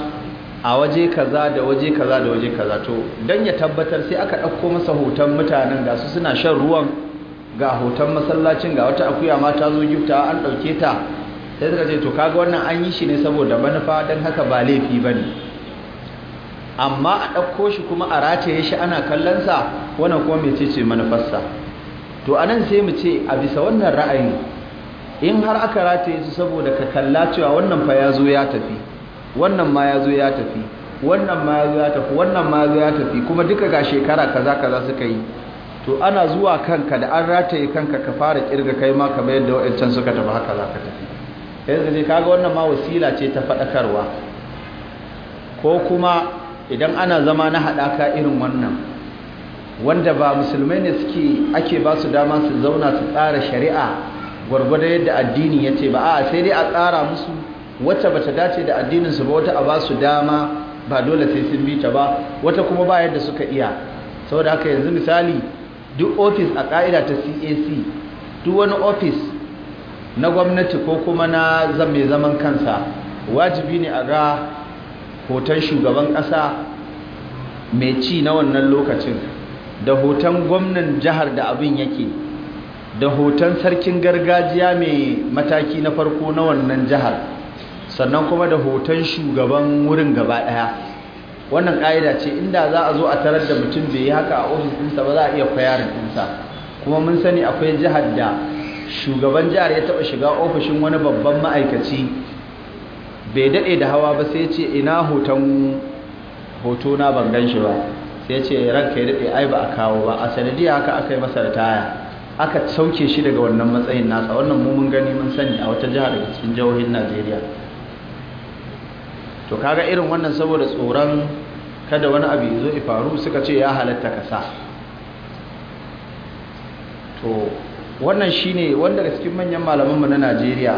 a waje kaza da waje kaza da waje kaza to don ya tabbatar sai aka ɗauko masa hoton mutanen gasu suna shan ruwan ga hoton masallacin ga wata akuya mata ta zo gifta an ɗauke ta sai suka ce to kaga wannan an yi shi ne saboda manufa don haka ba laifi ba ne amma a ɗauko shi kuma a rataye shi ana kallonsa wani kuma mai ce manufarsa to a nan sai mu ce a bisa wannan ra'ayin in har aka rataye su saboda ka kalla cewa wannan fa ya zo ya tafi wannan ma ya zo ya tafi wannan ma ya zo ya tafi wannan ma ya zo ya tafi kuma duka ga shekara kaza kaza suka yi to ana zuwa kanka da an rataye kanka ka fara kirga kai ma kamar yadda wa'ancan suka tafi haka za ka tafi yanzu ne kaga wannan ma wasila ce ta faɗakarwa ko kuma idan ana zama na haɗaka irin wannan wanda ba musulmai ne suke ake ba su dama su zauna su tsara shari'a gwargwado yadda addini ya ce ba a sai dai a tsara musu wacce bata dace da addininsu ba wata a ba su dama ba dole sai sun bi ta ba wata kuma ba yadda suka iya saboda haka yanzu misali duk ofis a ƙa'ida ta cac duk wani ofis na gwamnati ko kuma na mai zaman kansa wajibi ne a ga hoton shugaban ƙasa mai ci na wannan lokacin da hoton gwamnan jihar da abin yake da hoton sarkin gargajiya mai mataki na farko na wannan jihar sannan kuma da hoton shugaban wurin gaba ɗaya wannan ƙa'ida ce inda za a zo a tarar da mutum bai yi haka a ofis ɗinsa ba za a iya kwayarin ɗinsa kuma mun sani akwai jihar da shugaban jihar ya taba shiga ofishin wani babban ma'aikaci bai dade da hawa ba sai ya ce ina hoton hoto na ban gan shi ba sai ya ce ranka ya dade ai ba a kawo ba a sanadiyar haka aka yi masa ritaya aka sauke shi daga wannan matsayin nasa wannan mu mun gani mun sani a wata jihar daga cikin jihohin Najeriya to kaga irin wannan saboda tsoron kada wani abu ya zo faru suka ce ya halatta kasa to wannan shi ne wanda da cikin manyan malamanmu na Najeriya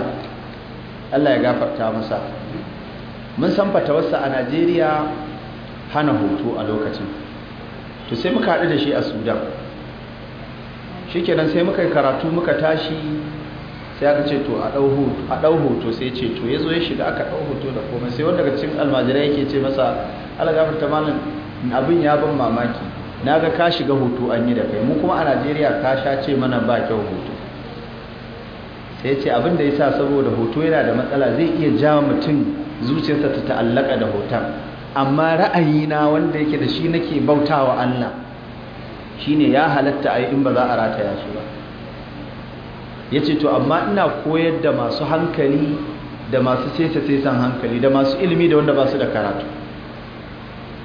Allah ya gafarta masa mun san fatawarsa a Najeriya hana hoto a lokacin to sai muka haɗu da shi a Sudan shikenan sai muka karatu muka tashi sai aka ce to a ɗau hoto sai ce to ya zo ya shiga aka ɗau hoto da komai sai wanda daga cikin almajirai yake ce masa Allah gafarta malam abin ya ban mamaki na ga ka shiga hutu an yi da kai mu kuma a najeriya ka sha ce mana ba kyau hutu sai ce abin da ya sa saboda hoto yana da matsala zai iya wa mutum zuciyarsa ta ta'allaka da hoton amma ra'ayi na wanda yake da shi nake bautawa allah shine ya halatta a in ba za a rataya su ba ya ce to amma ina koyar da masu hankali da masu sesa sesan hankali da masu ilimi da wanda ba su da karatu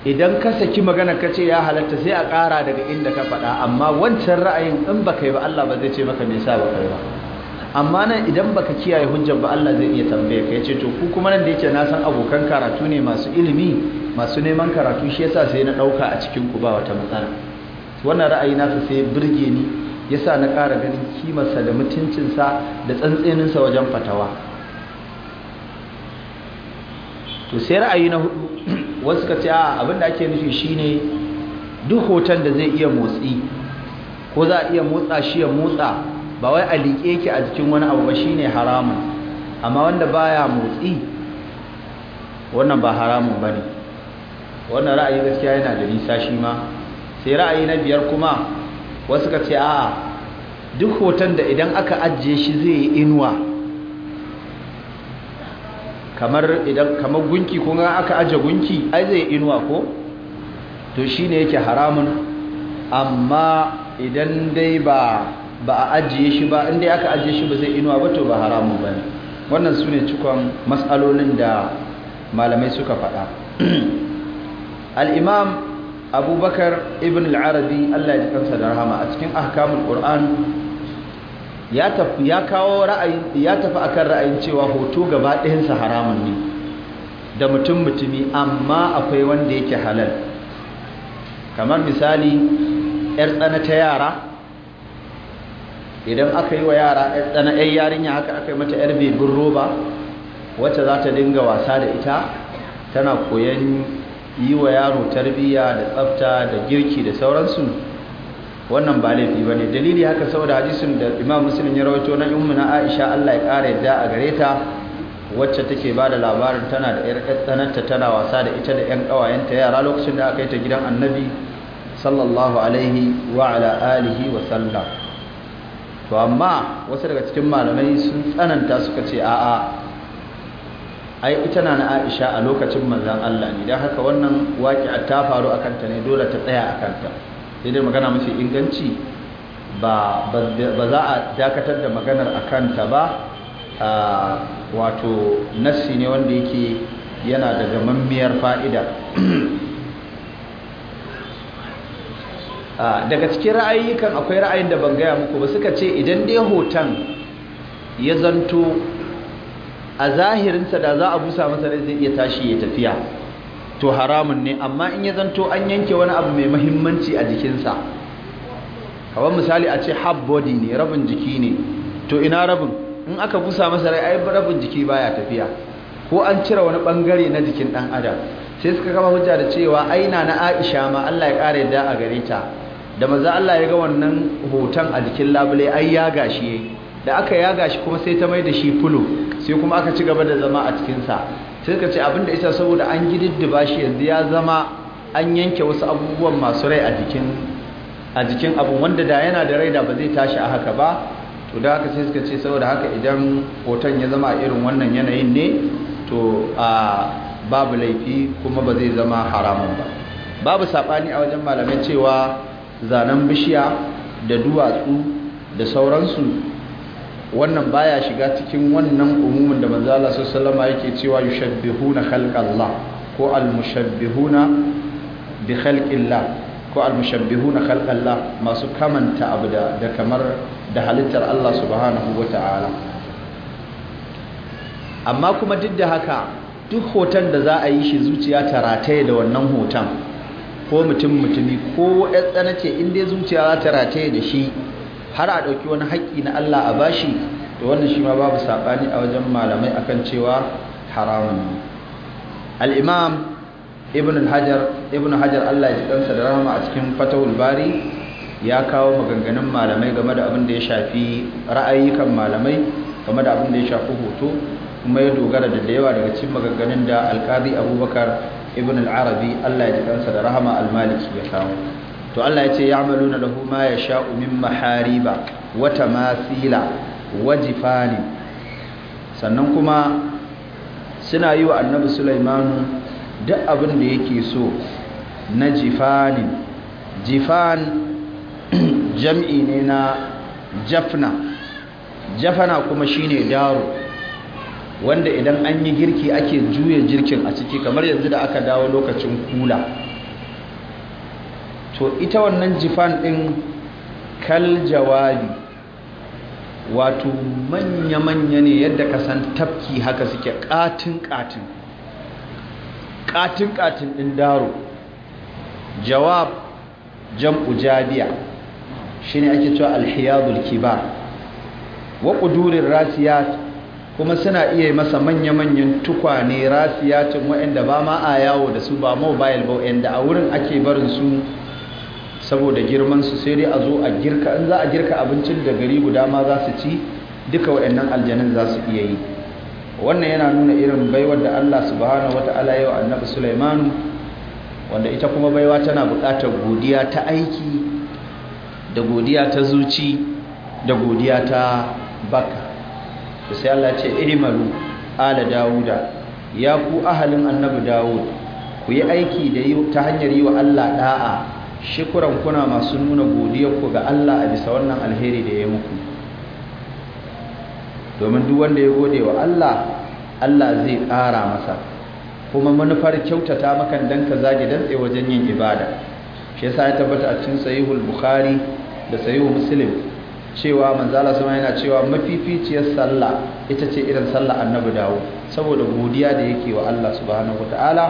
idan ka saki magana ka ce ya halatta sai a ƙara daga inda ka faɗa amma wancan ra'ayin in ba ka yi ba Allah ba zai ce maka me sa ba kai ba amma nan idan baka kiyaye hujjar ba Allah zai iya tambaye ka yace to ku kuma nan da yake na san abokan karatu ne masu ilimi masu neman karatu shi yasa sai na ɗauka a cikin ku ba wata matsala wannan ra'ayi nasa sai burge ni yasa na ƙara ganin kimarsa da mutuncinsa da tsantseninsa wajen fatawa to sai ra'ayi na hudu wasu ka ce abinda ake nufi shine duk hoton da zai iya motsi ko za a iya motsa shi ya motsa ba wai a liƙe yake a jikin wani abu ba shine haramun amma wanda baya motsi wannan ba haramun bane wannan ra'ayi gaskiya yana da nisa shi ma sai ra'ayi na biyar kuma wasu ka ce a duk hoton da idan aka ajiye shi zai yi inuwa kamar idan kamar gunki ko aka aje gunki ai zai inuwa ko to shine yake haramun amma idan dai ba ba a ajiye shi ba inda aka ajiye shi ba zai inuwa ba to ba haramun bane wannan sune cikon mas'alolin da malamai suka faɗa al-imam abubakar ibn al-arabi Allah ya ji kansa da rahama a cikin ahkamul qur'an ya tafi ya kawo ra'ayin ya tafi akan ra'ayin cewa hoto gaba ɗayan sa haramun ne da mutum mutumi amma akwai wanda yake halal kamar misali yar tsana ta yara idan aka yi wa yara yar tsana yar yarinya haka aka yi mata yar bebin roba wacce za ta dinga wasa da ita tana koyon yi wa yaro tarbiyya da tsafta da girki da sauransu wannan ba laifi ba ne dalili haka saboda hadisin da imam muslim ya rawaito na na aisha allah ya ƙara yadda a gare ta wacce take ba da labarin tana da yar tsananta tana wasa da ita da yan ƙawayenta yara lokacin da aka yi ta gidan annabi sallallahu alaihi wa ala alihi wa sallam to amma wasu daga cikin malamai sun tsananta suka ce a'a ai ita na aisha a lokacin manzon allah ne dan haka wannan waƙi ta faru a kanta ne dole ta tsaya a kanta sai dai magana mafi inganci ba za a dakatar da maganar a kanta ba wato nassi ne wanda yake yana da mammiyar fa'ida daga cikin ra'ayyukan akwai ra'ayin da ban gaya muku ba suka ce idan dai hoton ya zanto a zahirinsa da za a busa masa zai iya tashi ya tafiya to haramun ne amma in ya zanto an yanke wani abu mai mahimmanci a jikinsa kawai misali a ce half body ne rabin jiki ne to ina rabin in aka busa masa rai ai rabin jiki baya tafiya ko an cire wani bangare na jikin dan adam sai suka kama hujja da cewa aina na Aisha ma Allah ya kare da a gare ta da maza Allah ya ga wannan hoton a jikin labule ai ya gashi yayi da aka yaga shi kuma sai ta mai da shi fulo sai kuma aka ci gaba da zama a cikinsa sai ka ce abinda isa saboda an gididdiba shi yanzu ya zama an yanke wasu abubuwan masu rai a jikin abin wanda da yana da rai da ba zai tashi a haka ba to da haka sai suka ce saboda haka idan hoton ya zama irin wannan yanayin ne to a babu laifi kuma ba zai zama haramun ba babu saɓani a wajen malamai cewa zanen bishiya da duwatsu da sauransu wannan baya shiga cikin wannan umumin da manzo Allah sallallahu alaihi yake cewa yushabbihuna khalqallah ko almushabbihuna bi khalqillah ko almushabbihuna khalqallah masu kamanta abu da da kamar da halittar Allah subhanahu wataala amma kuma duk da haka duk hoton da za a yi shi zuciya ta rataye da wannan hoton ko mutum mutumi ko ƴan tsana ce in dai zuciya za ta rataye da shi har a ɗauki wani haƙƙi na Allah a bashi da wannan shi ma babu saɓani a wajen malamai akan cewa haramun al'imam ibn hajar hajar Allah ya ji ɗansa da rahama a cikin fatahul bari ya kawo maganganun malamai game da abin da ya shafi ra'ayyukan malamai game da abin da ya shafi hoto kuma ya dogara da yawa daga cikin maganganun da alƙadi abubakar ibn al-arabi Allah ya ji ɗansa da rahama al-maliki ya kawo to Allah ya ce na lahu ma ya sha’u min mahariba wata masila wa jifani sannan kuma suna yi wa annabi Sulaimanu duk abin da yake so na jifani jifan jam'i ne na jafna jafana kuma shine daro wanda idan an yi girki ake juya jirkin a ciki kamar yanzu da aka dawo lokacin kula to ita wannan jifan ɗin jawali, wato manya-manya ne yadda ka san tafki haka suke ƙatin-ƙatin ƙatin-ƙatin ɗin daro jawab jam'u jabiya shi ne ake cewa alhiyadul kibar wa ƙudurin rasiyat kuma suna iya masa manya-manyan tukwane rasiyatin waɗanda ba ma a yawo da su ba mobile ba waɗanda a wurin ake barin su saboda girman su sai dai a zo a girka in za a girka abincin da gari guda ma za su ci duka waɗannan aljanin za su iya yi wannan yana nuna irin baiwar da Allah subhanahu wata'ala yau annabi Sulaiman wanda ita kuma baiwa tana buƙatar godiya ta aiki da godiya ta zuci da godiya ta baka da sai Allah ce imalu ala dawuda ya ku ahalin annabi dawud ku yi aiki da ta hanyar yi wa Allah ɗa'a. shikuran kuna masu nuna ku ga Allah a bisa wannan alheri da ya muku domin duk wanda ya gode wa Allah Allah zai ƙara masa kuma manufar kyautata makan dan ka zage tsaye wajen yin ibada shi yasa ya tabbata a cikin sahihul bukhari da sahihul muslim cewa manzala sama yana cewa mafificiyar sallah ita ce irin sallah annabi dawo saboda godiya da yake wa Allah subhanahu wataala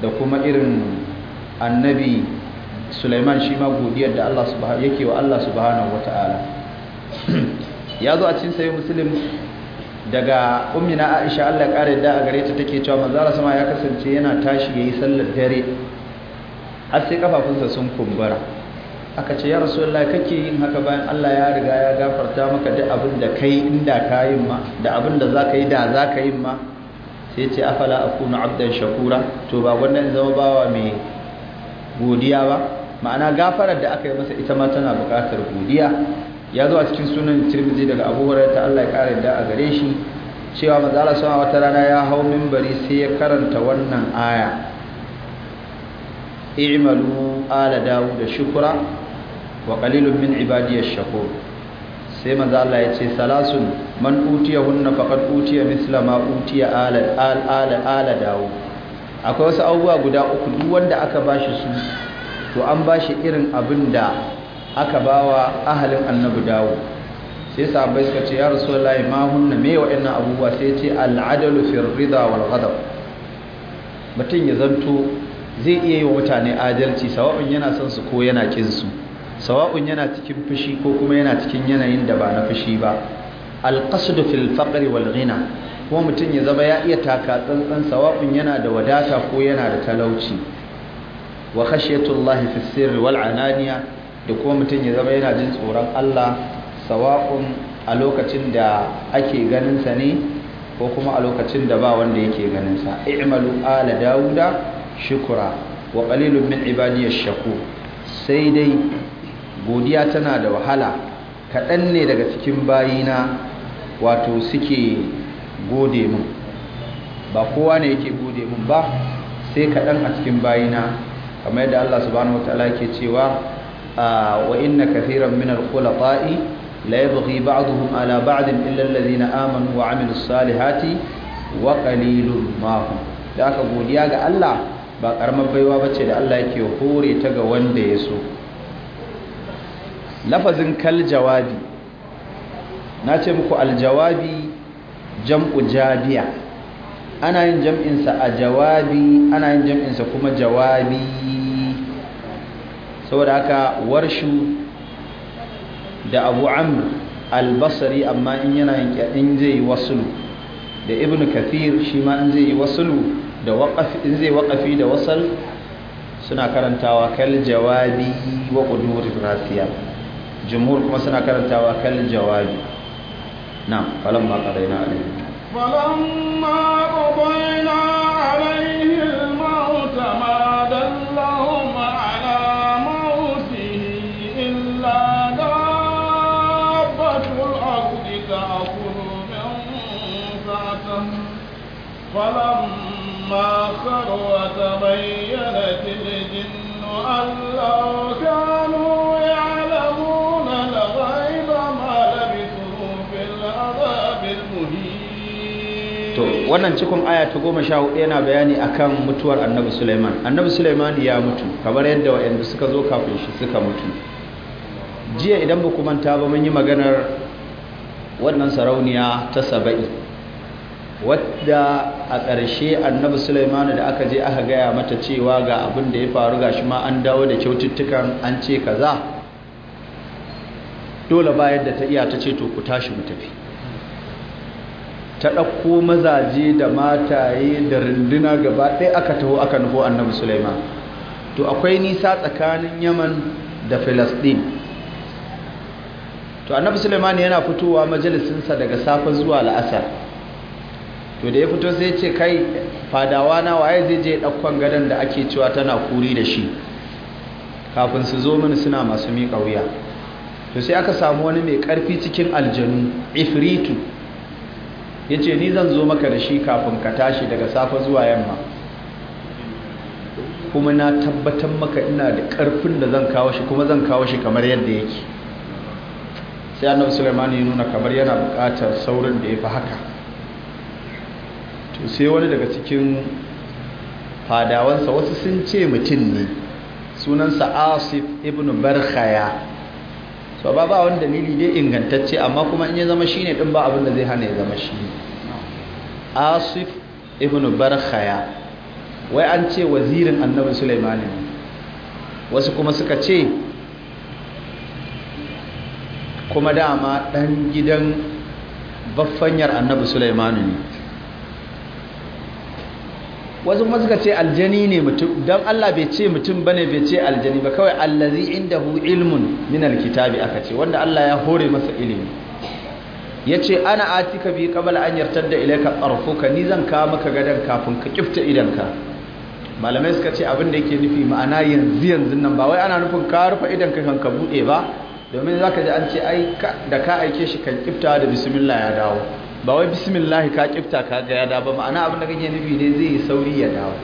da kuma irin annabi Sulaiman shi ma godiyar da Allah subhanahu yake wa Allah subhanahu wata'ala ya zo a cikin sayi muslim daga ummina Aisha Allah kare da a gare ta take cewa manzo Allah sama ya kasance yana tashi yayi sallar dare har sai kafafunsa sun kumbura aka ce ya rasulullahi kake yin haka bayan Allah ya riga ya gafarta maka duk abin da kai inda ka yi ma da abin da zaka yi da zaka yi ma sai ce afala akunu abdan shakura to ba wannan zama bawa mai godiya ba ma'ana gafarar da aka yi masa ita ma tana buƙatar godiya ya zo a cikin sunan tirmidhi daga Abu Hurairah ta Allah ya kare da a gare shi cewa manzo Allah sama wata rana ya hau minbari sai ya karanta wannan aya i'malu ala da shukra wa qalilun min ibadiyash shakur sai manzo Allah ya ce salasun man hunna faqad utiya misla ma utiya ala ala ala dawud akwai wasu abubuwa guda uku duk wanda aka bashi su to an ba shi irin abin da aka ba wa ahalin annabi dawo sai sahabbai suka ce ya rasu rasulullahi ma hunna me ina abubuwa sai ce al'adalu fil rida wal ghadab mutum ya zanto zai iya yi wa mutane adalci sawa'un yana son su ko yana kin su sawa'un yana cikin fushi ko kuma yana cikin yanayin da ba na fushi ba qasdu fil faqri wal ghina Kuma mutum ya zama ya iya taka tsantsan sawa'un yana da wadata ko yana da talauci wa khashiyatullahi fi sirri wal ananiya da kuma mutum ya zama yana jin tsoron Allah sawa'un a lokacin da ake ganin sa ne ko kuma a lokacin da ba wanda yake ganin sa i'malu ala dauda shukura wa qalilun min ibadiy shaku. sai dai godiya tana da wahala kaɗan ne daga cikin bayina wato suke gode mun ba kowa ne yake gode mun ba sai kaɗan a cikin bayina kamar yadda Allah subhanahu wataala yake cewa ah, wa inna kathiran min al-khulata'i la yabghi ba'dhum ala ba'din illa alladhina amanu wa 'amilus salihati wa qalilun ma hum da aka godiya ga Allah ba karamar baiwa bace da Allah yake hore ta ga wanda ya so lafazin kal jawabi na ce muku aljawabi jam'u jabiya ana yin jam'insa a jawabi ana yin jam'insa kuma jawabi saboda haka warshu da abu amr albasari amma in yana in zai yi wasulu da ibn kafir shi ma in zai yi wasulu da waƙafi in zai waƙafi da wasal suna karantawa kal jawabi wa ƙudurin rafiya jumhur kuma suna karantawa kal jawabi na falamma falon ma falamma na وتبينت الجن أن لو كانوا يعلمون لغيب ما لبثوا في العذاب المهين wannan cikin aya ta goma sha hudu yana bayani akan mutuwar annabi Suleiman. annabi Suleiman ya mutu kamar yadda wa'anda suka zo kafin shi suka mutu jiya idan ba manta ba mun yi maganar wannan sarauniya ta saba'i wadda a ƙarshe annabi sulaimanu da aka je aka gaya mata cewa ga abin da ya faru ga shi ma an dawo da kyaututtukan an ce kaza dole bayan da ta iya ta ce to ku tashi mu tafi ta ɗauko mazaje da mataye da rinduna gaba ɗaya aka taho aka nufo annabi sulaiman to akwai nisa tsakanin yaman da filastin to annabi sulaiman yana fitowa majalisinsa daga safe zuwa la'asar to da ya fito sai ce kai fadawa na waye zai je ɗaukon gadon da ake cewa tana kuri da shi kafin su zo mini suna masu miƙa wuya to sai aka samu wani mai ƙarfi cikin aljanu ifritu ya ce ni zan zo maka da shi kafin ka tashi daga safe zuwa yamma kuma na tabbatar maka ina da ƙarfin da zan kawo shi kuma zan kawo shi kamar yadda yake sai annabi Sulaiman ya nuna kamar yana buƙatar saurin da ya fi haka to sai wani daga cikin fadawansa wasu sun ce mutum ne sunansa asif ibn barkhaya so ba ba wani dalili dai ingantacce amma kuma in ya zama shine din ba abin da zai hana ya zama shi asif ibn barkhaya wai an ce wazirin annabi sulaiman ne wasu kuma suka ce kuma dama dan gidan baffanyar annabi sulaiman ne wasu kuma suka ce aljani ne mutum don Allah bai ce mutum ne bai ce aljani ba kawai allazi hu ilmun min alkitabi aka ce wanda Allah ya hore masa ilimi Ya ce ana atika bi kabal an da ilayka tsarfuka, ni zan ka maka gadan kafin ka kifta idanka malamai suka ce abin da yake nufi ma'ana yanzu yanzu nan ba wai ana nufin ka rufe idan ka kan ka bude ba domin zaka ji an ce ai da ka aike shi kan kifta da bismillah ya dawo ba wai bismillah ka kifta ka ga ya dawo ma'ana abin da kake nufi ne zai yi sauri ya dawo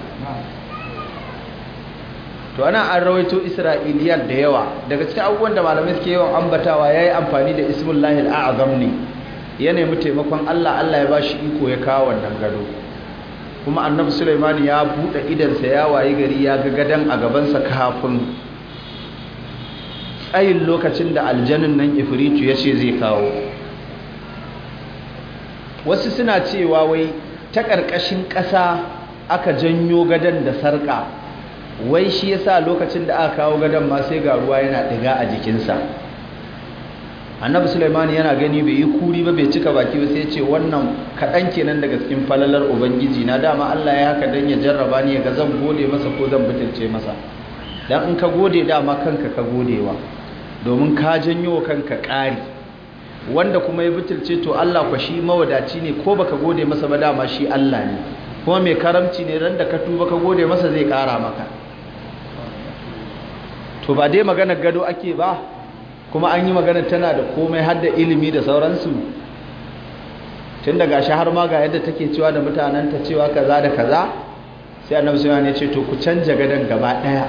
to ana an rawaito isra'iliyar da yawa daga cikin abubuwan da malamai suke yawan ambatawa ya yi amfani da ismullahil a'azam ne ya nemi taimakon allah allah ya ba shi iko ya kawo wannan gado kuma annabi suleiman ya buɗe idansa ya wayi gari ya ga gadon a gabansa kafin tsayin lokacin da aljanin nan ifiritu ya ce zai kawo wasu suna cewa wai ta ƙarƙashin ƙasa aka janyo gadon da sarƙa wai shi yasa lokacin da aka kawo gadon ma sai ga ruwa yana ɗiga a jikinsa annabi sulaimani yana gani bai yi kuri ba bai cika baki ba sai ce wannan kaɗan kenan daga cikin falalar ubangiji na dama allah ya haka don ya jarraba ni ga zan gode masa ko zan butulce masa Dan in ka gode dama kanka ka godewa domin ka janyo kanka ƙari wanda kuma ya butulce to Allah kwa shi mawadaci ne ko baka gode masa ba dama shi Allah ne kuma mai karamci ne randa da ka tuba ka gode masa zai kara maka to ba dai maganar gado ake ba kuma an yi magana tana da komai har da ilimi da sauransu tun daga shi har ma ga yadda take cewa da mutanen ta cewa kaza da kaza sai annabi sai ne ce to ku canja gadon gaba daya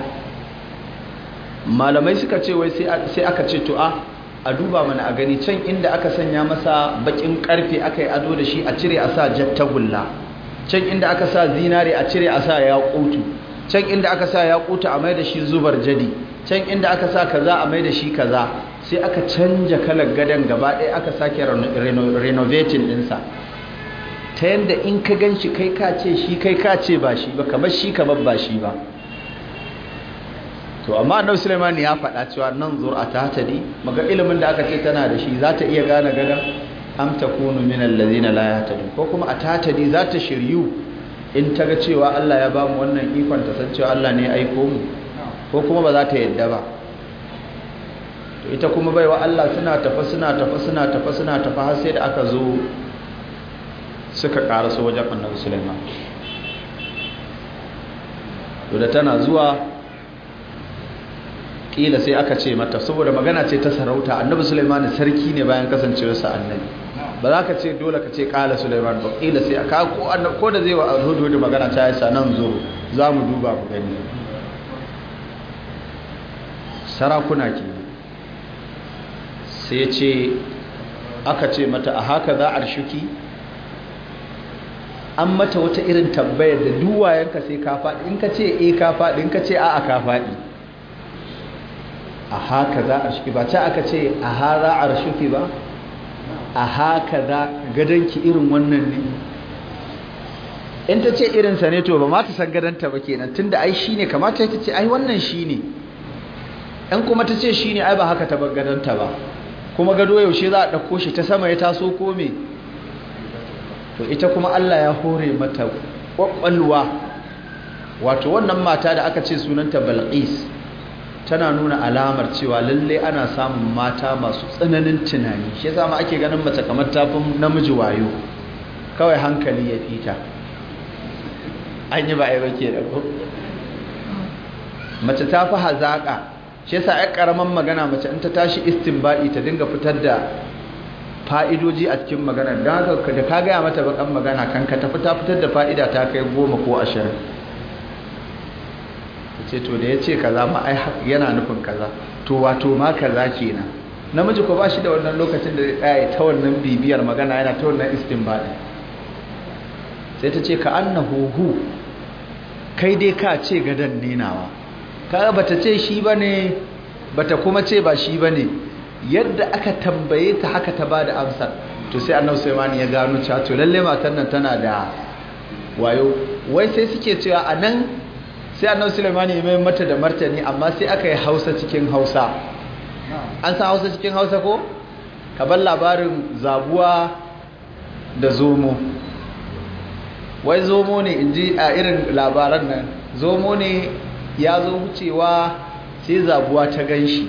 malamai suka ce wai sai aka ce to a a duba mana a gani can inda aka sanya masa bakin karfe aka yi ado da shi a cire a sa jattagulla can inda aka sa zinare a cire a sa yaqutu can inda aka sa yaqutu a mai da shi zubar jadi can inda aka sa kaza a mai da shi kaza sai aka canja kalar gadon gaba ɗaya aka sake renovating ɗinsa ta yadda in ka gan shi kai ka ce shi kai ka ce ba shi ba kamar shi kamar ba shi ba to amma annabi Sulaiman ya faɗa cewa nan a ta ne maga ilimin da aka ce tana da shi za ta iya gane gadan am takunu min allazina la yahtadun ko kuma a ne za ta shiryu in ta ga cewa Allah ya ba mu wannan ikon ta san cewa Allah ne ya aiko mu ko kuma ba za ta yadda ba to ita kuma baiwa Allah suna tafa suna tafa suna tafa suna tafa har sai da aka zo suka karaso wajen annabi Sulaiman to da tana zuwa kila sai aka ce mata saboda magana ce ta sarauta annabi sulaiman sarki ne bayan kasancewarsa annabi ba za ka ce dole ka ce kala sulaiman ba kila sai aka ko da zai wa alhudu magana ta yasa nan zo za mu duba ku gani sarakuna ke sai ce aka ce mata a haka za a shuki an mata wata irin tambayar da duwayenka sai ka faɗi in ka ce e ka faɗi in ka ce a'a ka faɗi a haka za a shuki ba ta aka ce a hara a shuki ba a haka za gadonki irin wannan ne in ta ce irinsa ne to ba ma ta san gadonta ba kenan tunda ai shi ne kamata ta ce ai wannan shi ne ɗan kuma ta ce shi ne ai ba haka ta bar gadonta ba kuma gado yaushe za a ɗauko shi ta sama ya taso ko me to ita kuma Allah ya hore mata ƙwaƙwalwa wato wannan mata da aka ce sunanta balqis tana nuna alamar cewa lalle ana samun mata masu tsananin tunani shi ma ake ganin mace kamar tafin namiji wayo kawai hankali ya fita an yi ba da ku mace ta fi hazaƙa. shi yasa ai ƙaramin magana mace in ta tashi baɗi ta dinga fitar da fa'idoji a cikin magana don haka da ka gaya mata baƙan magana kanka tafi ta fitar da fa'ida ta kai goma ko ashirin ce to da ya ce kaza ma ai yana nufin kaza to wato ma kaza kenan namiji ko ba shi da wannan lokacin da ya ta wannan bibiyar magana yana ta wannan istinbadi sai ta ce ka annahu hu kai dai ka ce gadan ninawa ba bata ce shi bane bata kuma ce ba shi bane yadda aka tambaye ta haka ta bada amsar to sai annabi Sulaiman ya gano cewa to lalle matan nan tana da wayo wai sai suke cewa anan sai annabi sulaimani ya mai mata da martani amma sai aka yi hausa cikin hausa an san hausa cikin hausa ko kabar labarin zabuwa da zomo wai zomo ne in ji a irin labaran nan zomo ne ya zo wucewa sai zabuwa ta gan shi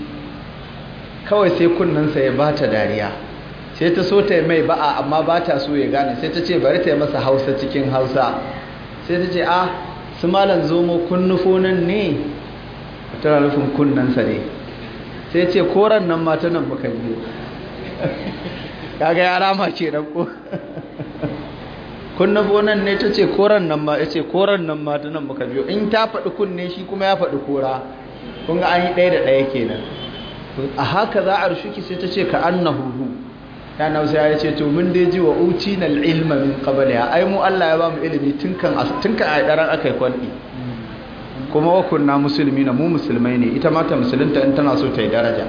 kawai sai sa ya ba ta dariya sai ta so ta yi mai ba'a amma ba ta so ya gane sai ta ce bari ta yi masa hausa cikin hausa sai ta ce ah su malan zomo kun ne a tara nufin kunnansa ne sai ce koran nan mata nan baka biyo ga yara ma ce nan ko kun ne ta ce koran nan ma ya ce koran nan mata nan baka biyo in ta faɗi kunne shi kuma ya faɗi kora kun ga an yi ɗaya da ɗaya kenan a haka za a rushuki sai ta ce ka annahu ya Hausa ya ce to mun dai ji wa uci na ilma min qabliha ai mu Allah ya ba mu ilimi tun kan tun kan ai akai kwalli kuma na musulmi na mu musulmai ne ita mata ta musulunta in tana so ta yi daraja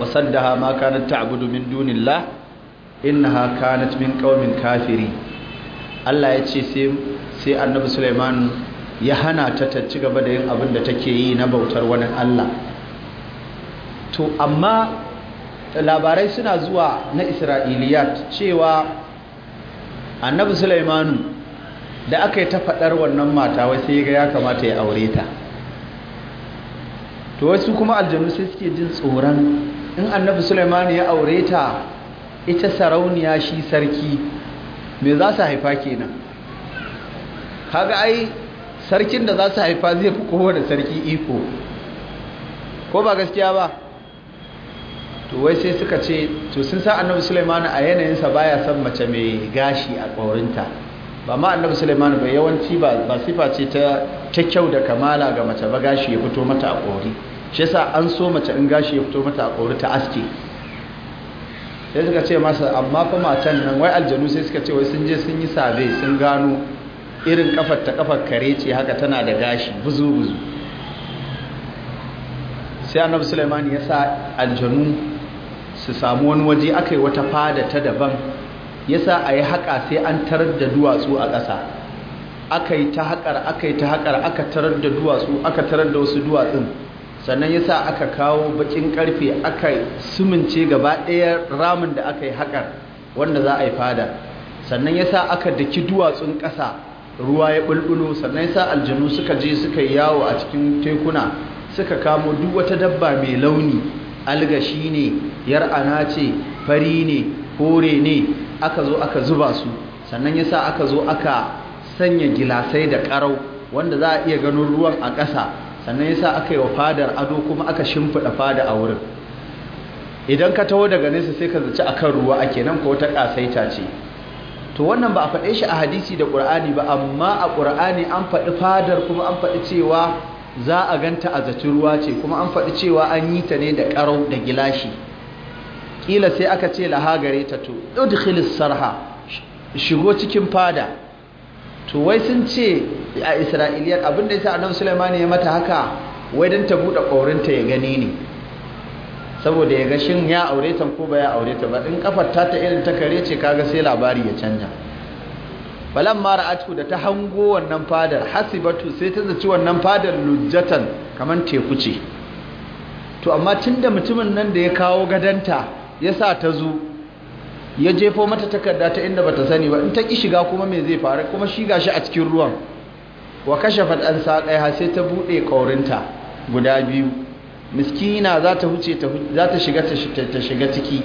Wasan da ha ma kanat ta'budu min ha ka kanat min qaumin kafiri Allah ya ce sai Annabi Suleiman ya hana ta ta ci gaba da yin abin da take yi na bautar wani Allah to amma labarai suna zuwa na isra'iliyat cewa annabi sulaimanu da aka yi ta faɗar wannan mata wasu ya ga ya kamata ya aure ta to wasu kuma aljanu sai suke jin tsoron in annabi sulaimanu ya aure ta ita sarauniya shi sarki me za su haifa kenan kaga ai sarkin da za su haifa zai fi kowa da sarki iko ko ba gaskiya ba to wai sai suka ce to sun sa annabi sulaimanu a yanayinsa baya son mace mai gashi a ƙaurinta ba ma annabi sulaimanu bai yawanci ba ba sifa ce ta ta kyau da kamala ga mace ba gashi ya fito mata a ƙori shi yasa an so mace in gashi ya fito mata a ƙori ta aske sai suka ce masa amma fa matan nan wai aljanu sai suka ce wai sun je sun yi sabe sun gano irin kafar ta kafar kare ce haka tana da gashi buzu buzu sai annabi sulaimanu ya sa aljanu su samu wani waje aka yi wata fada ta daban yasa a yi haƙa sai an tarar da duwatsu a ƙasa aka yi ta haƙar aka yi ta haƙar aka tarar da duwatsu aka tarar da wasu duwatsun sannan yasa aka kawo bakin ƙarfe aka sumince gaba ɗaya ramin da aka yi haƙar wanda za a yi fada sannan yasa aka daki duwatsun ƙasa ruwa ya bulbulo sannan yasa aljanu suka je suka yi yawo a cikin tekuna suka kamo duk wata dabba mai launi algashi ne yar ana ce fari ne kore ne aka zo aka zuba su sannan yasa aka zo aka sanya gilasai da karau wanda za a iya ganin ruwan a ƙasa sannan yasa aka yi wa fadar ado kuma aka shimfiɗa fada a wurin idan ka taho daga nesa sai ka zaci a kan ruwa ake nan ko ta ƙasaita ce to wannan ba a faɗe shi a hadisi da ƙur'ani ba amma a ƙur'ani an faɗi fadar kuma an faɗi cewa za a ganta a zaci ruwa ce kuma an faɗi cewa an yi ta ne da ƙarau da gilashi kila sai aka ce laha gare ta to udkhilis sarha shigo cikin fada to wai sun ce a isra'iliyar abinda yasa annabi sulaimani ya mata haka wai dan ta buɗe kaurinta ya gani ne saboda ya ga shin ya aure ta ko ba ya aure ta ba in kafar ta ta irin ta kare ce kaga sai labari ya canja mara ra'atu da ta hango wannan fadar hasibatu sai ta zaci wannan fadar lujjatan kamar teku ce to amma tunda mutumin nan da ya kawo gadanta ya sa ta zo ya jefo mata takarda ta inda bata sani ba in ta ki shiga kuma me zai faru kuma shi gashi a cikin ruwan wa kashafat an saqaiha sai ta buɗe kaurinta guda biyu miskina za ta huce za ta shiga ta shiga ciki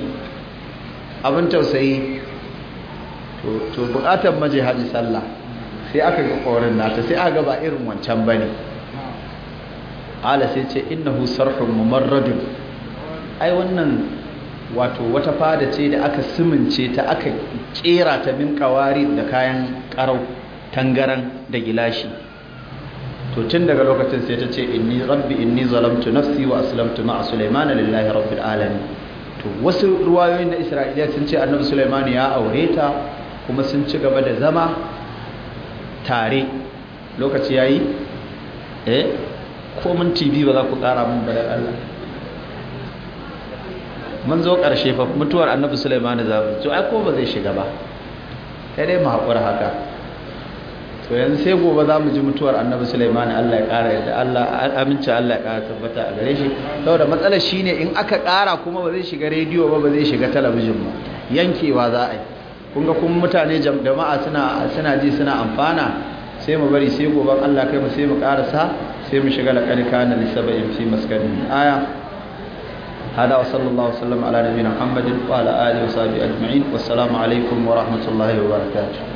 abin tausayi to to bukatar maje haji sallah sai aka ga kaurin nata sai aka ga ba irin wancan bane ala sai ce innahu sarhun mumarrad ai wannan wato wata fada ce da aka simince ta aka kera ta min kawari da kayan karau tangaran da gilashi to tun daga lokacin sai ta ce inni rabbi inni zalamtu nafsi wa aslamtu ma'a sulaiman lillahi rabbil alamin to wasu ruwayoyin da isra'iliya sun ce annabi sulaiman ya aure ta kuma sun ci gaba da zama tare lokaci yayi eh ko mun tv ba za ku kara mun ba da Allah mun zo ƙarshe fa mutuwar annabi sulaiman za mu to ai ko ba zai shiga ba kai dai mu haƙura haka to yanzu sai gobe za mu ji mutuwar annabi sulaiman Allah ya ƙara yadda Allah aminci Allah ya ƙara tabbata a gare shi saboda matsalar shine in aka ƙara kuma ba zai shiga rediyo ba ba zai shiga talabijin ba yankewa za a yi kun ga kuma mutane jama'a suna suna ji suna amfana sai mu bari sai gobe Allah kai mu sai mu ƙarasa sai mu shiga laƙarƙa na in fi maskarin aya هذا وصلى الله وسلم على نبينا محمد وعلى آله وصحبه أجمعين والسلام عليكم ورحمة الله وبركاته